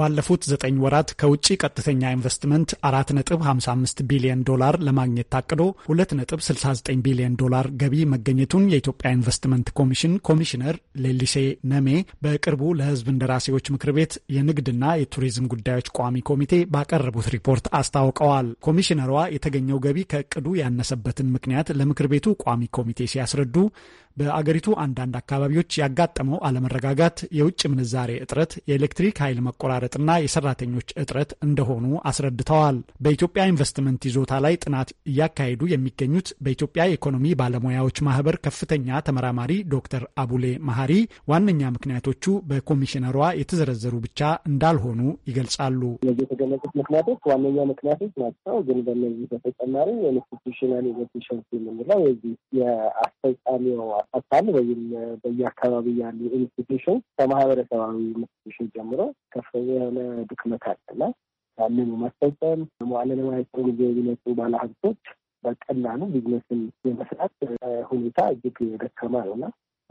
ባለፉት ዘጠኝ ወራት ከውጭ ቀጥተኛ ኢንቨስትመንት 4.55 ቢሊዮን ዶላር ለማግኘት ታቅዶ 2.69 ቢሊዮን ዶላር ገቢ መገኘቱን የኢትዮጵያ ኢንቨስትመንት ኮሚሽን ኮሚሽነር ሌሊሴ ነሜ በቅርቡ ለሕዝብ እንደራሴዎች ምክር ቤት የንግድና የቱሪዝም ጉዳዮች ቋሚ ኮሚቴ ባቀረቡት ሪፖርት አስታውቀዋል። ኮሚሽነሯ የተገኘው ገቢ ከእቅዱ ያነሰበትን ምክንያት ለምክር ቤቱ ቋሚ ኮሚቴ ሲያስረዱ በአገሪቱ አንዳንድ አካባቢዎች ያጋጠመው አለመረጋጋት፣ የውጭ ምንዛሬ እጥረት፣ የኤሌክትሪክ ኃይል መቆራረጥና የሰራተኞች እጥረት እንደሆኑ አስረድተዋል። በኢትዮጵያ ኢንቨስትመንት ይዞታ ላይ ጥናት እያካሄዱ የሚገኙት በኢትዮጵያ የኢኮኖሚ ባለሙያዎች ማህበር ከፍተኛ ተመራማሪ ዶክተር አቡሌ መሀሪ ዋነኛ ምክንያቶቹ በኮሚሽነሯ የተዘረዘሩ ብቻ እንዳልሆኑ ይገልጻሉ። የተገለጹት ምክንያቶች ዋነኛ ምክንያቶች ናቸው። ግን በነዚህ በተጨማሪ የኢንስቲቱሽናል ኢንቨስቲሽን የምንለው የዚህ የአስፈጻሚው አካል ወይም በየአካባቢ ያሉ ኢንስቲቱሽን ከማህበረሰባዊ ኢንስቲቱሽን ጀምሮ ከፍተኛ የሆነ ድክመት አለና ያንኑ ማስፈጸም መዋዕለ ንዋይ ጥሩ ጊዜ የሚመጡ ባለሀብቶች በቀላሉ ቢዝነስን የመስራት ሁኔታ እጅግ ደካማ ነው እና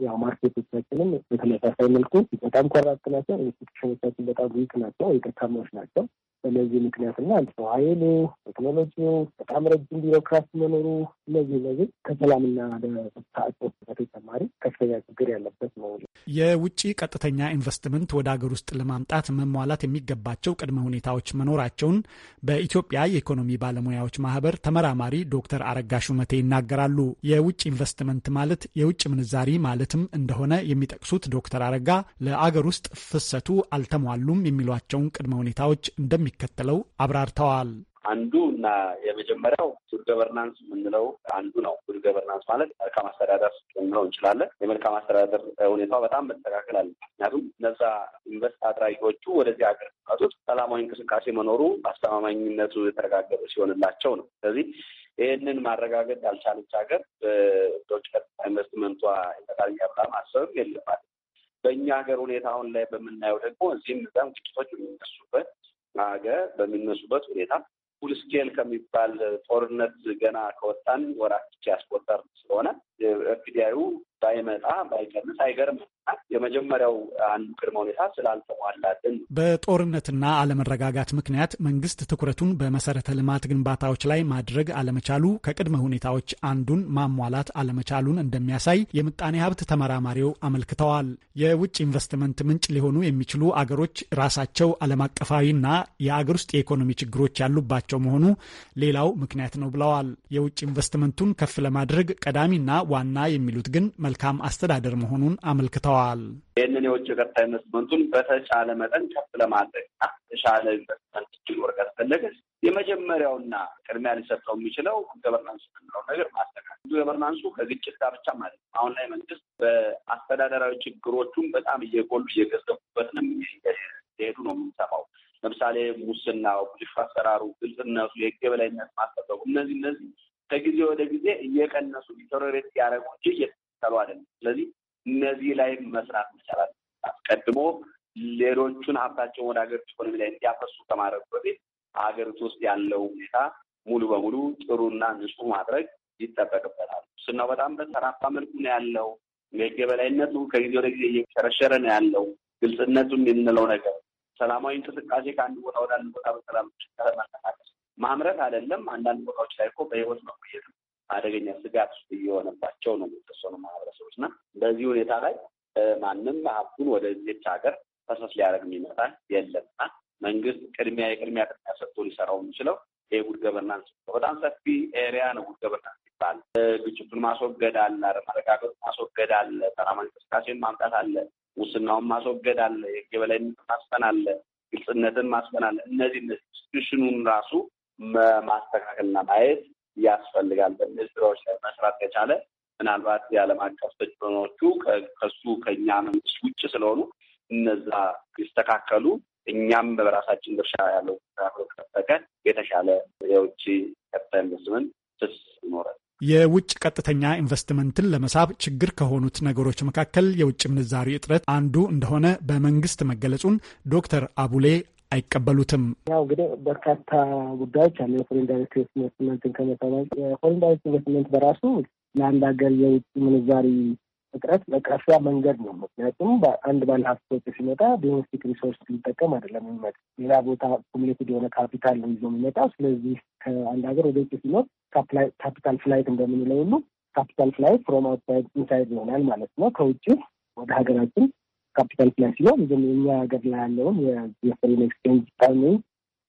ያው ማርኬቶቻችንም በተመሳሳይ መልኩ በጣም ኮራፕት ናቸው። ኢንስቲቱሽኖቻችን በጣም ዊክ ናቸው ወይ ደካማዎች ናቸው። በነዚህ ሰው ኃይሉ ቴክኖሎጂው በጣም ረጅም ቢሮክራሲ መኖሩ እነዚህ እነዚህ ከሰላምና ለፍታጦት በተጨማሪ ከፍተኛ ችግር ያለበት ነው። የውጭ ቀጥተኛ ኢንቨስትመንት ወደ ሀገር ውስጥ ለማምጣት መሟላት የሚገባቸው ቅድመ ሁኔታዎች መኖራቸውን በኢትዮጵያ የኢኮኖሚ ባለሙያዎች ማህበር ተመራማሪ ዶክተር አረጋ ሹመቴ ይናገራሉ። የውጭ ኢንቨስትመንት ማለት የውጭ ምንዛሪ ማለትም እንደሆነ የሚጠቅሱት ዶክተር አረጋ ለአገር ውስጥ ፍሰቱ አልተሟሉም የሚሏቸውን ቅድመ ሁኔታዎች እንደሚ እንደሚከተለው አብራርተዋል። አንዱ እና የመጀመሪያው ጉድ ገቨርናንስ የምንለው አንዱ ነው። ጉድ ገቨርናንስ ማለት መልካም አስተዳደር ልንለው እንችላለን። የመልካም አስተዳደር ሁኔታው በጣም መስተካከል አለ። ምክንያቱም እነዛ ኢንቨስት አድራጊዎቹ ወደዚህ ሀገር ሲመጡት ሰላማዊ እንቅስቃሴ መኖሩ አስተማማኝነቱ የተረጋገጠ ሲሆንላቸው ነው። ስለዚህ ይህንን ማረጋገጥ ያልቻለች ሀገር በውጭ ቀጥታ ኢንቨስትመንቷ ይጠቃልኛ ብላ ማሰብ የለባትም። በእኛ ሀገር ሁኔታ አሁን ላይ በምናየው ደግሞ እዚህም እዛም ግጭቶች የሚነሱበት ሀገር በሚነሱበት ሁኔታ ፉል ስኬል ከሚባል ጦርነት ገና ከወጣን ወራት ብቻ ያስቆጠር ስለሆነ ኤፍዲአዩ ባይመጣ ባይቀንስ አይገርም። የመጀመሪያው አንዱ ቅድመ ሁኔታ ስላልተሟላልን በጦርነትና አለመረጋጋት ምክንያት መንግስት ትኩረቱን በመሰረተ ልማት ግንባታዎች ላይ ማድረግ አለመቻሉ ከቅድመ ሁኔታዎች አንዱን ማሟላት አለመቻሉን እንደሚያሳይ የምጣኔ ሀብት ተመራማሪው አመልክተዋል። የውጭ ኢንቨስትመንት ምንጭ ሊሆኑ የሚችሉ አገሮች ራሳቸው ዓለም አቀፋዊና የአገር ውስጥ የኢኮኖሚ ችግሮች ያሉባቸው መሆኑ ሌላው ምክንያት ነው ብለዋል። የውጭ ኢንቨስትመንቱን ከፍ ለማድረግ ቀዳሚና ዋና የሚሉት ግን መልካም አስተዳደር መሆኑን አመልክተዋል። ይህንን የውጭ ቀጥታ ኢንቨስትመንቱን በተቻለ መጠን ከፍ ለማድረግና የተሻለ ኢንቨስትመንት እንዲኖር ከተፈለገ የመጀመሪያውና ቅድሚያ ሊሰጠው የሚችለው ገቨርናንሱ የምንለው ነገር ማስተካከል ገቨርናንሱ ከግጭት ጋር ብቻ ማለት ነው። አሁን ላይ መንግስት በአስተዳደራዊ ችግሮቹን በጣም እየጎሉ እየገዘፉበት ነው ሄዱ ነው የምንሰማው። ለምሳሌ ሙስናው፣ ብልሹ አሰራሩ፣ ግልጽነቱ፣ የህግ የበላይነት ማስጠበቁ እነዚህ እነዚህ ከጊዜ ወደ ጊዜ እየቀነሱ ሊተሮሬት ያደረጉ እንጂ የሚከተሉ አይደለም። ስለዚህ እነዚህ ላይ መስራት መቻላል። አስቀድሞ ሌሎቹን ሀብታቸውን ወደ ሀገሪቱ ኢኮኖሚ ላይ እንዲያፈሱ ከማድረጉ በፊት ሀገሪቱ ውስጥ ያለው ሁኔታ ሙሉ በሙሉ ጥሩና ንጹህ ማድረግ ይጠበቅበታል። ስናው በጣም በተራፋ መልኩ ነው ያለው። የገበላይነቱ ከጊዜ ወደ ጊዜ እየሸረሸረ ነው ያለው። ግልጽነቱ የምንለው ነገር ሰላማዊ እንቅስቃሴ ከአንድ ቦታ ወደ አንድ ቦታ በሰላም መንቀሳቀስ ማምረት አይደለም። አንዳንድ ቦታዎች ላይ እኮ በህይወት መቆየት አደገኛ ስጋት ውስጥ እየሆነባቸው ነው የሚተሰኑ ማህበረሰቦች እና በዚህ ሁኔታ ላይ ማንም ሀብቱን ወደ ዜች ሀገር ፈሰስ ሊያደርግ የሚመጣ የለም እና መንግስት ቅድሚያ የቅድሚያ ቅድሚያ ሰጥቶ ሊሰራው የሚችለው የጉድ ጉድ ገቨርናንስ በጣም ሰፊ ኤሪያ ነው። ጉድ ገቨርናንስ ይባል ግጭቱን ማስወገድ አለ፣ አለመረጋገጡን ማስወገድ አለ፣ ሰላማዊ እንቅስቃሴን ማምጣት አለ፣ ሙስናውን ማስወገድ አለ፣ የህግ የበላይነትን ማስፈን አለ፣ ግልጽነትን ማስፈን አለ። እነዚህ ኢንስቲቱሽኑን ራሱ ማስተካከልና ማየት ያስፈልጋል በሚል ስራዎች ላይ መስራት ከቻለ ምናልባት የዓለም አቀፍ ተጽዕኖዎቹ ከሱ ከእኛ መንግስት ውጭ ስለሆኑ እነዛ ይስተካከሉ፣ እኛም በራሳችን ድርሻ ያለው ከተጠቀ የተሻለ የውጭ ቀጥታ ኢንቨስትመንት ስስ ይኖራል። የውጭ ቀጥተኛ ኢንቨስትመንትን ለመሳብ ችግር ከሆኑት ነገሮች መካከል የውጭ ምንዛሪ እጥረት አንዱ እንደሆነ በመንግስት መገለጹን ዶክተር አቡሌ አይቀበሉትም። ያው እንግዲህ በርካታ ጉዳዮች አሉ። የፎሬን ዳይሬክት ኢንቨስትመንትን ከመሰባ የፎሬን ዳይሬክት ኢንቨስትመንት በራሱ ለአንድ ሀገር የውጭ ምንዛሪ እጥረት መቅረፊያ መንገድ ነው። ምክንያቱም አንድ ባለ ሀብት ሲመጣ ዶሜስቲክ ሪሶርስ ሊጠቀም አይደለም የሚመጣ ሌላ ቦታ ኩሙሌትድ የሆነ ካፒታል ነው ይዞ የሚመጣ። ስለዚህ ከአንድ ሀገር ወደ ውጭ ሲኖር ካፒታል ፍላይት እንደምንለው ሁሉ ካፒታል ፍላይት ፍሮም አውትሳይድ ኢንሳይድ ይሆናል ማለት ነው። ከውጭ ወደ ሀገራችን ካፒታል ፍላይ ሲሆን ግን እኛ ሀገር ላይ ያለውን የፎሪን ኤክስቼንጅ ታይሚ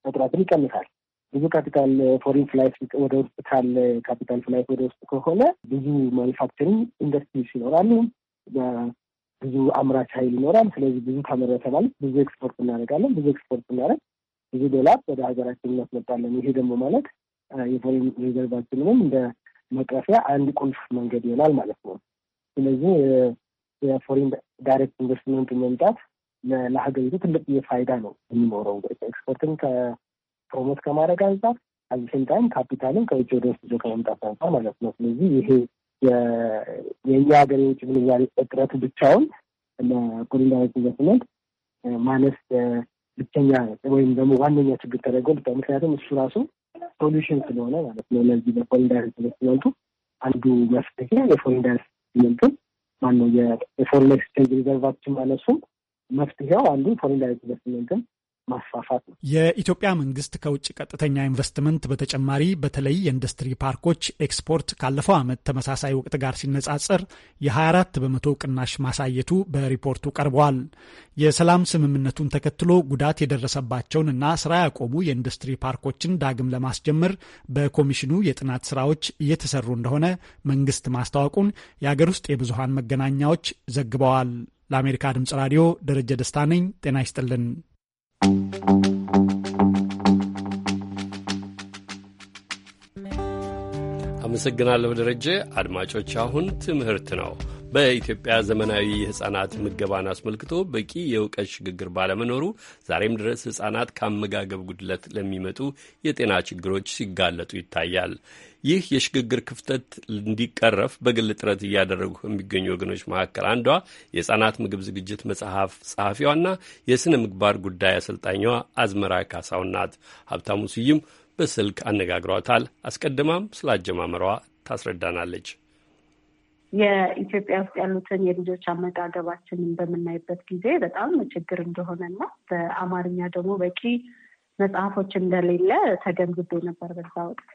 እጥረትን ይቀንሳል። ብዙ ካፒታል ፎሪን ፍላይት ወደ ውስጥ ካለ ካፒታል ፍላይት ወደ ውስጥ ከሆነ ብዙ ማኒፋክቸሪንግ ኢንዱስትሪዎች ይኖራሉ፣ ብዙ አምራች ኃይል ይኖራል። ስለዚህ ብዙ ተመረተ ማለት ብዙ ኤክስፖርት እናደርጋለን። ብዙ ኤክስፖርት እናደርግ ብዙ ዶላር ወደ ሀገራችን እናስመጣለን። ይሄ ደግሞ ማለት የፎሪን ሪዘርቫችንንም እንደ መቅረፊያ አንድ ቁልፍ መንገድ ይሆናል ማለት ነው። ስለዚህ የፎሬን ዳይሬክት ኢንቨስትመንት መምጣት ለሀገሪቱ ትልቅ የፋይዳ ነው የሚኖረው ኤክስፖርትን ከፕሮሞት ከማድረግ አንጻር አዚሽን ታይም ካፒታልን ከውጭ ወደ ውስጥ ይዞ ከመምጣት አንጻር ማለት ነው። ስለዚህ ይሄ የእኛ ሀገር የውጭ ምንዛሪ እጥረት ብቻውን ለፎሬን ዳይሬክት ኢንቨስትመንት ማነስ ብቸኛ ወይም ደግሞ ዋነኛ ችግር ተደርጎ ልጠ ምክንያቱም እሱ ራሱ ሶሉሽን ስለሆነ ማለት ነው። ለዚህ ለፎሬን ዳይሬክት ኢንቨስትመንቱ አንዱ መፍትሄ የፎሬን ዳይሬክት ኢንቨስትመንትን ማነው የፎሬን ኤክስቼንጅ ሪዘርቫችን ማነሱ መፍትሄው አንዱ ፎሬን ዳይሬክት ኢንቨስትመንትም ማስፋፋት ነው። የኢትዮጵያ መንግስት ከውጭ ቀጥተኛ ኢንቨስትመንት በተጨማሪ በተለይ የኢንዱስትሪ ፓርኮች ኤክስፖርት ካለፈው ዓመት ተመሳሳይ ወቅት ጋር ሲነጻጸር የ24 በመቶ ቅናሽ ማሳየቱ በሪፖርቱ ቀርበዋል። የሰላም ስምምነቱን ተከትሎ ጉዳት የደረሰባቸውን እና ስራ ያቆሙ የኢንዱስትሪ ፓርኮችን ዳግም ለማስጀመር በኮሚሽኑ የጥናት ስራዎች እየተሰሩ እንደሆነ መንግስት ማስታወቁን የአገር ውስጥ የብዙሃን መገናኛዎች ዘግበዋል። ለአሜሪካ ድምጽ ራዲዮ ደረጀ ደስታ ነኝ። ጤና ይስጥልን። አመሰግናለሁ ደረጀ። አድማጮች አሁን ትምህርት ነው። በኢትዮጵያ ዘመናዊ የሕፃናት ምገባን አስመልክቶ በቂ የእውቀት ሽግግር ባለመኖሩ ዛሬም ድረስ ህጻናት ከአመጋገብ ጉድለት ለሚመጡ የጤና ችግሮች ሲጋለጡ ይታያል። ይህ የሽግግር ክፍተት እንዲቀረፍ በግል ጥረት እያደረጉ ከሚገኙ ወገኖች መካከል አንዷ የህጻናት ምግብ ዝግጅት መጽሐፍ ጸሐፊዋና የሥነ ምግባር ጉዳይ አሰልጣኛዋ አዝመራ ካሳውን ናት። ሀብታሙ ስዩም በስልክ አነጋግሯታል። አስቀድማም ስለ ታስረዳናለች። የኢትዮጵያ ውስጥ ያሉትን የልጆች አመጋገባችንን በምናይበት ጊዜ በጣም ችግር እንደሆነና በአማርኛ ደግሞ በቂ መጽሐፎች እንደሌለ ተገንዝቤ ነበር። በዛ ወቅት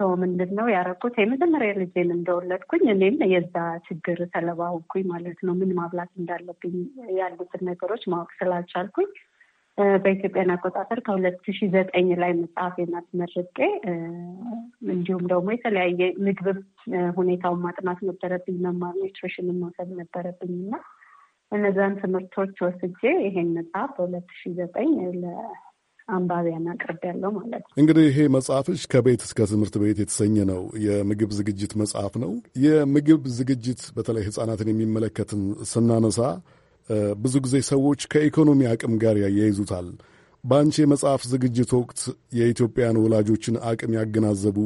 ሰው ምንድን ነው ያረኩት? የመጀመሪያ ልጄን እንደወለድኩኝ እኔም የዛ ችግር ተለባሁኩኝ ማለት ነው። ምን ማብላት እንዳለብኝ ያሉትን ነገሮች ማወቅ ስላልቻልኩኝ በኢትዮጵያን አቆጣጠር ከሁለት ሺ ዘጠኝ ላይ መጽሐፌን አስመርቄ እንዲሁም ደግሞ የተለያየ ምግብ ሁኔታውን ማጥናት ነበረብኝ፣ መማር ኒውትሪሽንን መውሰድ ነበረብኝ እና እነዛን ትምህርቶች ወስጄ ይሄን መጽሐፍ በሁለት ሺ ዘጠኝ አንባቢያን አቅርብ ያለው ማለት ነው። እንግዲህ ይሄ መጽሐፍሽ ከቤት እስከ ትምህርት ቤት የተሰኘ ነው። የምግብ ዝግጅት መጽሐፍ ነው። የምግብ ዝግጅት በተለይ ህጻናትን የሚመለከትን ስናነሳ ብዙ ጊዜ ሰዎች ከኢኮኖሚ አቅም ጋር ያያይዙታል። በአንቺ የመጽሐፍ ዝግጅት ወቅት የኢትዮጵያን ወላጆችን አቅም ያገናዘቡ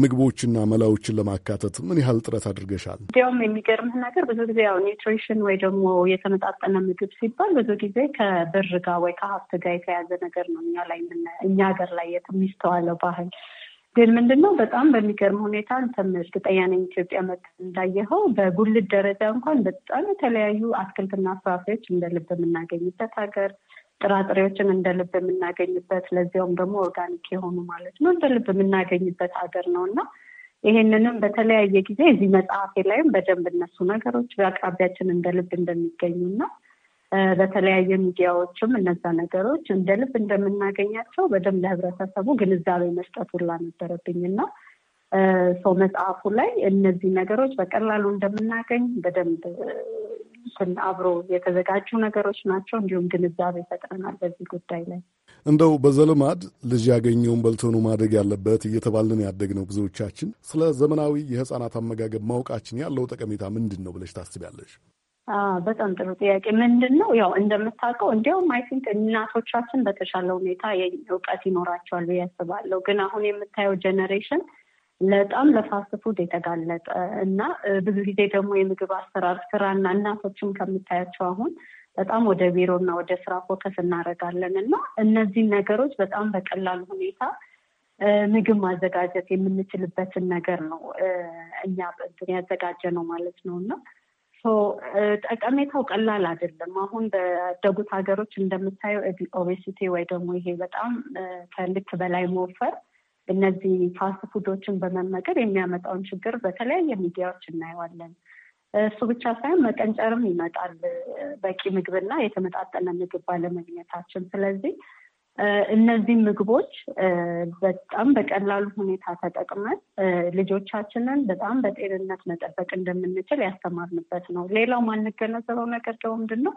ምግቦችና መላዎችን ለማካተት ምን ያህል ጥረት አድርገሻል? እንዲያውም የሚገርምህ ነገር ብዙ ጊዜ ያው ኒውትሪሽን ወይ ደግሞ የተመጣጠነ ምግብ ሲባል ብዙ ጊዜ ከብር ጋር ወይ ከሀብት ጋር የተያዘ ነገር ነው እኛ ላይ እኛ ሀገር ላይ የሚስተዋለው ባህል ግን ምንድን ነው በጣም በሚገርም ሁኔታ አንተም እርግጠኛ ኢትዮጵያ መት እንዳየኸው በጉልት ደረጃ እንኳን በጣም የተለያዩ አትክልትና ፍራፍሬዎች እንደ ልብ የምናገኝበት ሀገር፣ ጥራጥሬዎችን እንደ ልብ የምናገኝበት ለዚያውም ደግሞ ኦርጋኒክ የሆኑ ማለት ነው እንደ ልብ የምናገኝበት ሀገር ነው እና ይሄንንም በተለያየ ጊዜ እዚህ መጽሐፌ ላይም በደንብ እነሱ ነገሮች በአቅራቢያችን እንደ ልብ እንደሚገኙ እና በተለያየ ሚዲያዎችም እነዛ ነገሮች እንደ ልብ እንደምናገኛቸው በደንብ ለህብረተሰቡ ግንዛቤ መስጠት ሁላ ነበረብኝ እና ሰው መጽሐፉ ላይ እነዚህ ነገሮች በቀላሉ እንደምናገኝ በደንብ አብሮ የተዘጋጁ ነገሮች ናቸው። እንዲሁም ግንዛቤ ይፈጥረናል በዚህ ጉዳይ ላይ። እንደው በዘልማድ ልጅ ያገኘውን በልቶ ነው ማደግ ያለበት እየተባልን ያደግነው ብዙዎቻችን። ስለ ዘመናዊ የህፃናት አመጋገብ ማወቃችን ያለው ጠቀሜታ ምንድን ነው ብለሽ ታስቢያለሽ? በጣም ጥሩ ጥያቄ። ምንድን ነው ያው እንደምታውቀው እንዲያውም አይ ቲንክ እናቶቻችን በተሻለ ሁኔታ እውቀት ይኖራቸዋል ብዬ አስባለሁ። ግን አሁን የምታየው ጀኔሬሽን በጣም ለፋስት ፉድ የተጋለጠ እና ብዙ ጊዜ ደግሞ የምግብ አሰራር ስራና እናቶችም ከምታያቸው አሁን በጣም ወደ ቢሮ እና ወደ ስራ ፎከስ እናደርጋለን እና እነዚህን ነገሮች በጣም በቀላል ሁኔታ ምግብ ማዘጋጀት የምንችልበትን ነገር ነው እኛ ያዘጋጀ ነው ማለት ነው እና ጠቀሜታው ቀላል አይደለም። አሁን በደጉት ሀገሮች እንደምታየው ኦቤሲቲ ወይ ደግሞ ይሄ በጣም ከልክ በላይ መወፈር እነዚህ ፋስት ፉዶችን በመመገብ የሚያመጣውን ችግር በተለያየ ሚዲያዎች እናየዋለን። እሱ ብቻ ሳይሆን መቀንጨርም ይመጣል በቂ ምግብና የተመጣጠነ ምግብ ባለመግኘታችን። ስለዚህ እነዚህ ምግቦች በጣም በቀላሉ ሁኔታ ተጠቅመን ልጆቻችንን በጣም በጤንነት መጠበቅ እንደምንችል ያስተማርንበት ነው። ሌላው ማንገነዘበው ነገር ደግሞ ምንድን ነው?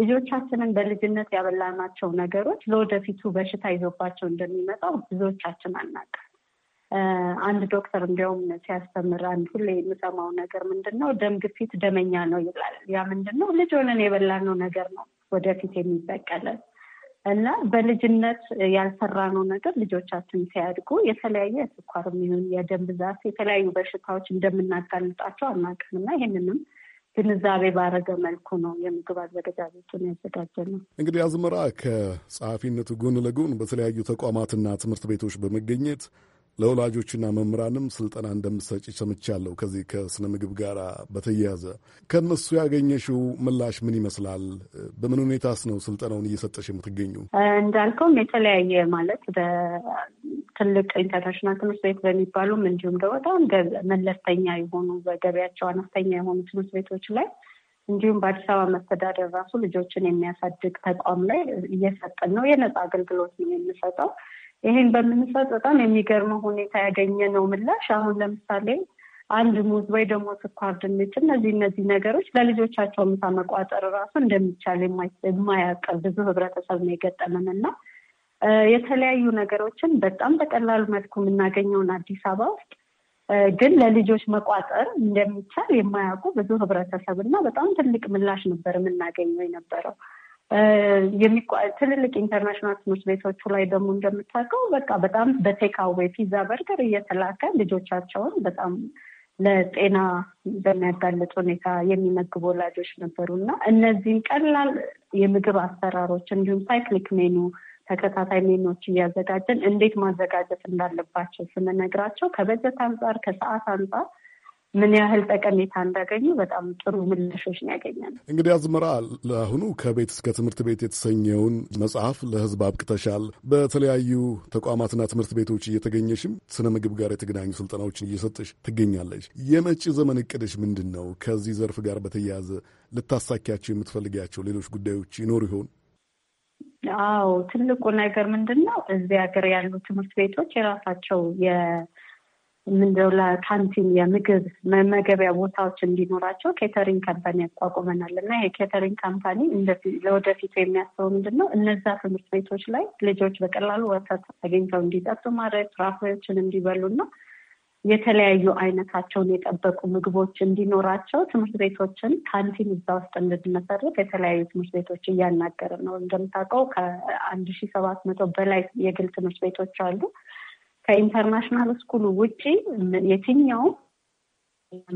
ልጆቻችንን በልጅነት ያበላናቸው ነገሮች ለወደፊቱ በሽታ ይዞባቸው እንደሚመጣው ብዙዎቻችን አናውቅም። አንድ ዶክተር እንዲያውም ሲያስተምር አንድ ሁሌ የምሰማው ነገር ምንድን ነው፣ ደም ግፊት ደመኛ ነው ይላል። ያ ምንድን ነው? ልጅ ሆነን የበላነው ነገር ነው ወደፊት የሚበቀለን እና በልጅነት ያልሰራነው ነገር ልጆቻችን ሲያድጉ የተለያየ የስኳር የሚሆን የደም ብዛት የተለያዩ በሽታዎች እንደምናጋልጣቸው አናውቅም እና ይህንንም ግንዛቤ ባረገ መልኩ ነው የምግብ አዘገጃጀቱን ያዘጋጀ ነው። እንግዲህ አዝመራ ከጸሐፊነቱ ጎን ለጎን በተለያዩ ተቋማትና ትምህርት ቤቶች በመገኘት ለወላጆችና መምህራንም ስልጠና እንደምትሰጪ ሰምቻለሁ። ከዚህ ከስነ ምግብ ጋር በተያያዘ ከእነሱ ያገኘሽው ምላሽ ምን ይመስላል? በምን ሁኔታስ ነው ስልጠናውን እየሰጠሽ የምትገኙ? እንዳልከውም የተለያየ ማለት በትልቅ ኢንተርናሽናል ትምህርት ቤት በሚባሉም እንዲሁም ደግሞ በጣም መለስተኛ የሆኑ በገበያቸው አነስተኛ የሆኑ ትምህርት ቤቶች ላይ እንዲሁም በአዲስ አበባ መስተዳደር ራሱ ልጆችን የሚያሳድግ ተቋም ላይ እየሰጠን ነው። የነጻ አገልግሎት ነው የምሰጠው። ይህን በምንሰጥ በጣም የሚገርመ ሁኔታ ያገኘ ነው ምላሽ። አሁን ለምሳሌ አንድ ሙዝ ወይ ደግሞ ስኳር ድንች፣ እነዚህ እነዚህ ነገሮች ለልጆቻቸው ምሳ መቋጠር ራሱ እንደሚቻል የማያውቅ ብዙ ህብረተሰብ ነው የገጠመን እና የተለያዩ ነገሮችን በጣም በቀላሉ መልኩ የምናገኘውን አዲስ አበባ ውስጥ ግን ለልጆች መቋጠር እንደሚቻል የማያውቁ ብዙ ህብረተሰብ እና በጣም ትልቅ ምላሽ ነበር የምናገኘው የነበረው። ትልልቅ ኢንተርናሽናል ትምህርት ቤቶቹ ላይ ደግሞ እንደምታውቀው በቃ በጣም በቴካዌ ፒዛ በርገር እየተላከ ልጆቻቸውን በጣም ለጤና በሚያጋልጥ ሁኔታ የሚመግቡ ወላጆች ነበሩ እና እነዚህን ቀላል የምግብ አሰራሮች እንዲሁም ሳይክሊክ ሜኑ ተከታታይ ሜኖች እያዘጋጀን እንዴት ማዘጋጀት እንዳለባቸው ስንነግራቸው ከበጀት አንጻር ከሰዓት አንጻር ምን ያህል ጠቀሜታ እንዳገኙ በጣም ጥሩ ምላሾች ነው ያገኛል። እንግዲህ አዝመራ፣ ለአሁኑ ከቤት እስከ ትምህርት ቤት የተሰኘውን መጽሐፍ ለህዝብ አብቅተሻል። በተለያዩ ተቋማትና ትምህርት ቤቶች እየተገኘሽም ስነ ምግብ ጋር የተገናኙ ስልጠናዎችን እየሰጠሽ ትገኛለች። የመጪ ዘመን እቅድሽ ምንድን ነው? ከዚህ ዘርፍ ጋር በተያያዘ ልታሳኪያቸው የምትፈልጊያቸው ሌሎች ጉዳዮች ይኖሩ ይሆን? አዎ፣ ትልቁ ነገር ምንድን ነው እዚህ ሀገር ያሉ ትምህርት ቤቶች የራሳቸው ምንድነው ለካንቲን የምግብ መመገቢያ ቦታዎች እንዲኖራቸው ኬተሪንግ ካምፓኒ ያቋቁመናል እና ይሄ ኬተሪንግ ካምፓኒ ለወደፊቱ የሚያስበው ምንድን ነው እነዛ ትምህርት ቤቶች ላይ ልጆች በቀላሉ ወተት አግኝተው እንዲጠጡ ማድረግ፣ ፍራፍሬዎችን እንዲበሉ እና የተለያዩ አይነታቸውን የጠበቁ ምግቦች እንዲኖራቸው ትምህርት ቤቶችን ካንቲን እዛ ውስጥ እንድንመሰርት የተለያዩ ትምህርት ቤቶች እያናገርን ነው። እንደምታውቀው ከአንድ ሺ ሰባት መቶ በላይ የግል ትምህርት ቤቶች አሉ። ከኢንተርናሽናል ስኩሉ ውጪ የትኛውም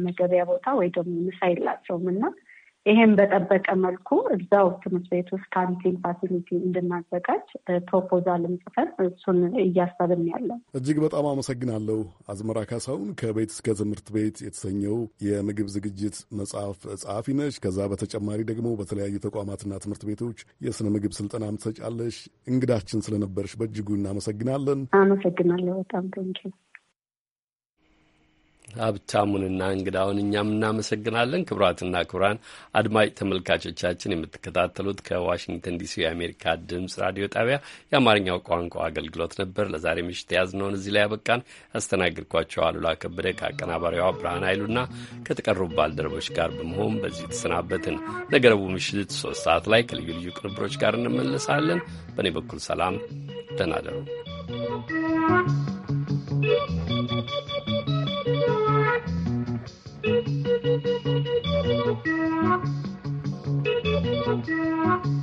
መገበያ ቦታ ወይ ደግሞ ምሳ የላቸውም እና ይሄን በጠበቀ መልኩ እዛው ትምህርት ቤት ውስጥ ካንቲን ፋሲሊቲ እንድናዘጋጅ ፕሮፖዛልም ጽፈን እሱን እያሰብን ያለን። እጅግ በጣም አመሰግናለሁ አዝመራ ካሳሁን። ከቤት እስከ ትምህርት ቤት የተሰኘው የምግብ ዝግጅት መጽሐፍ ጸሐፊ ነች። ከዛ በተጨማሪ ደግሞ በተለያዩ ተቋማትና ትምህርት ቤቶች የስነ ምግብ ስልጠናም ትሰጫለሽ። እንግዳችን ስለነበርሽ በእጅጉ እናመሰግናለን። አመሰግናለሁ በጣም ሀብታሙንና እንግዳውን እኛም እናመሰግናለን። ክቡራትና ክቡራን አድማጭ ተመልካቾቻችን የምትከታተሉት ከዋሽንግተን ዲሲ የአሜሪካ ድምፅ ራዲዮ ጣቢያ የአማርኛው ቋንቋ አገልግሎት ነበር። ለዛሬ ምሽት የያዝነውን እዚህ ላይ ያበቃን። ያስተናግድኳቸው አሉላ ከበደ ከአቀናባሪዋ ብርሃን ኃይሉና ከተቀሩ ባልደረቦች ጋር በመሆን በዚህ ተሰናበትን። ነገ ረቡዕ ምሽት ሶስት ሰዓት ላይ ከልዩ ልዩ ቅንብሮች ጋር እንመለሳለን። በእኔ በኩል ሰላም፣ ደህና you. Thank you.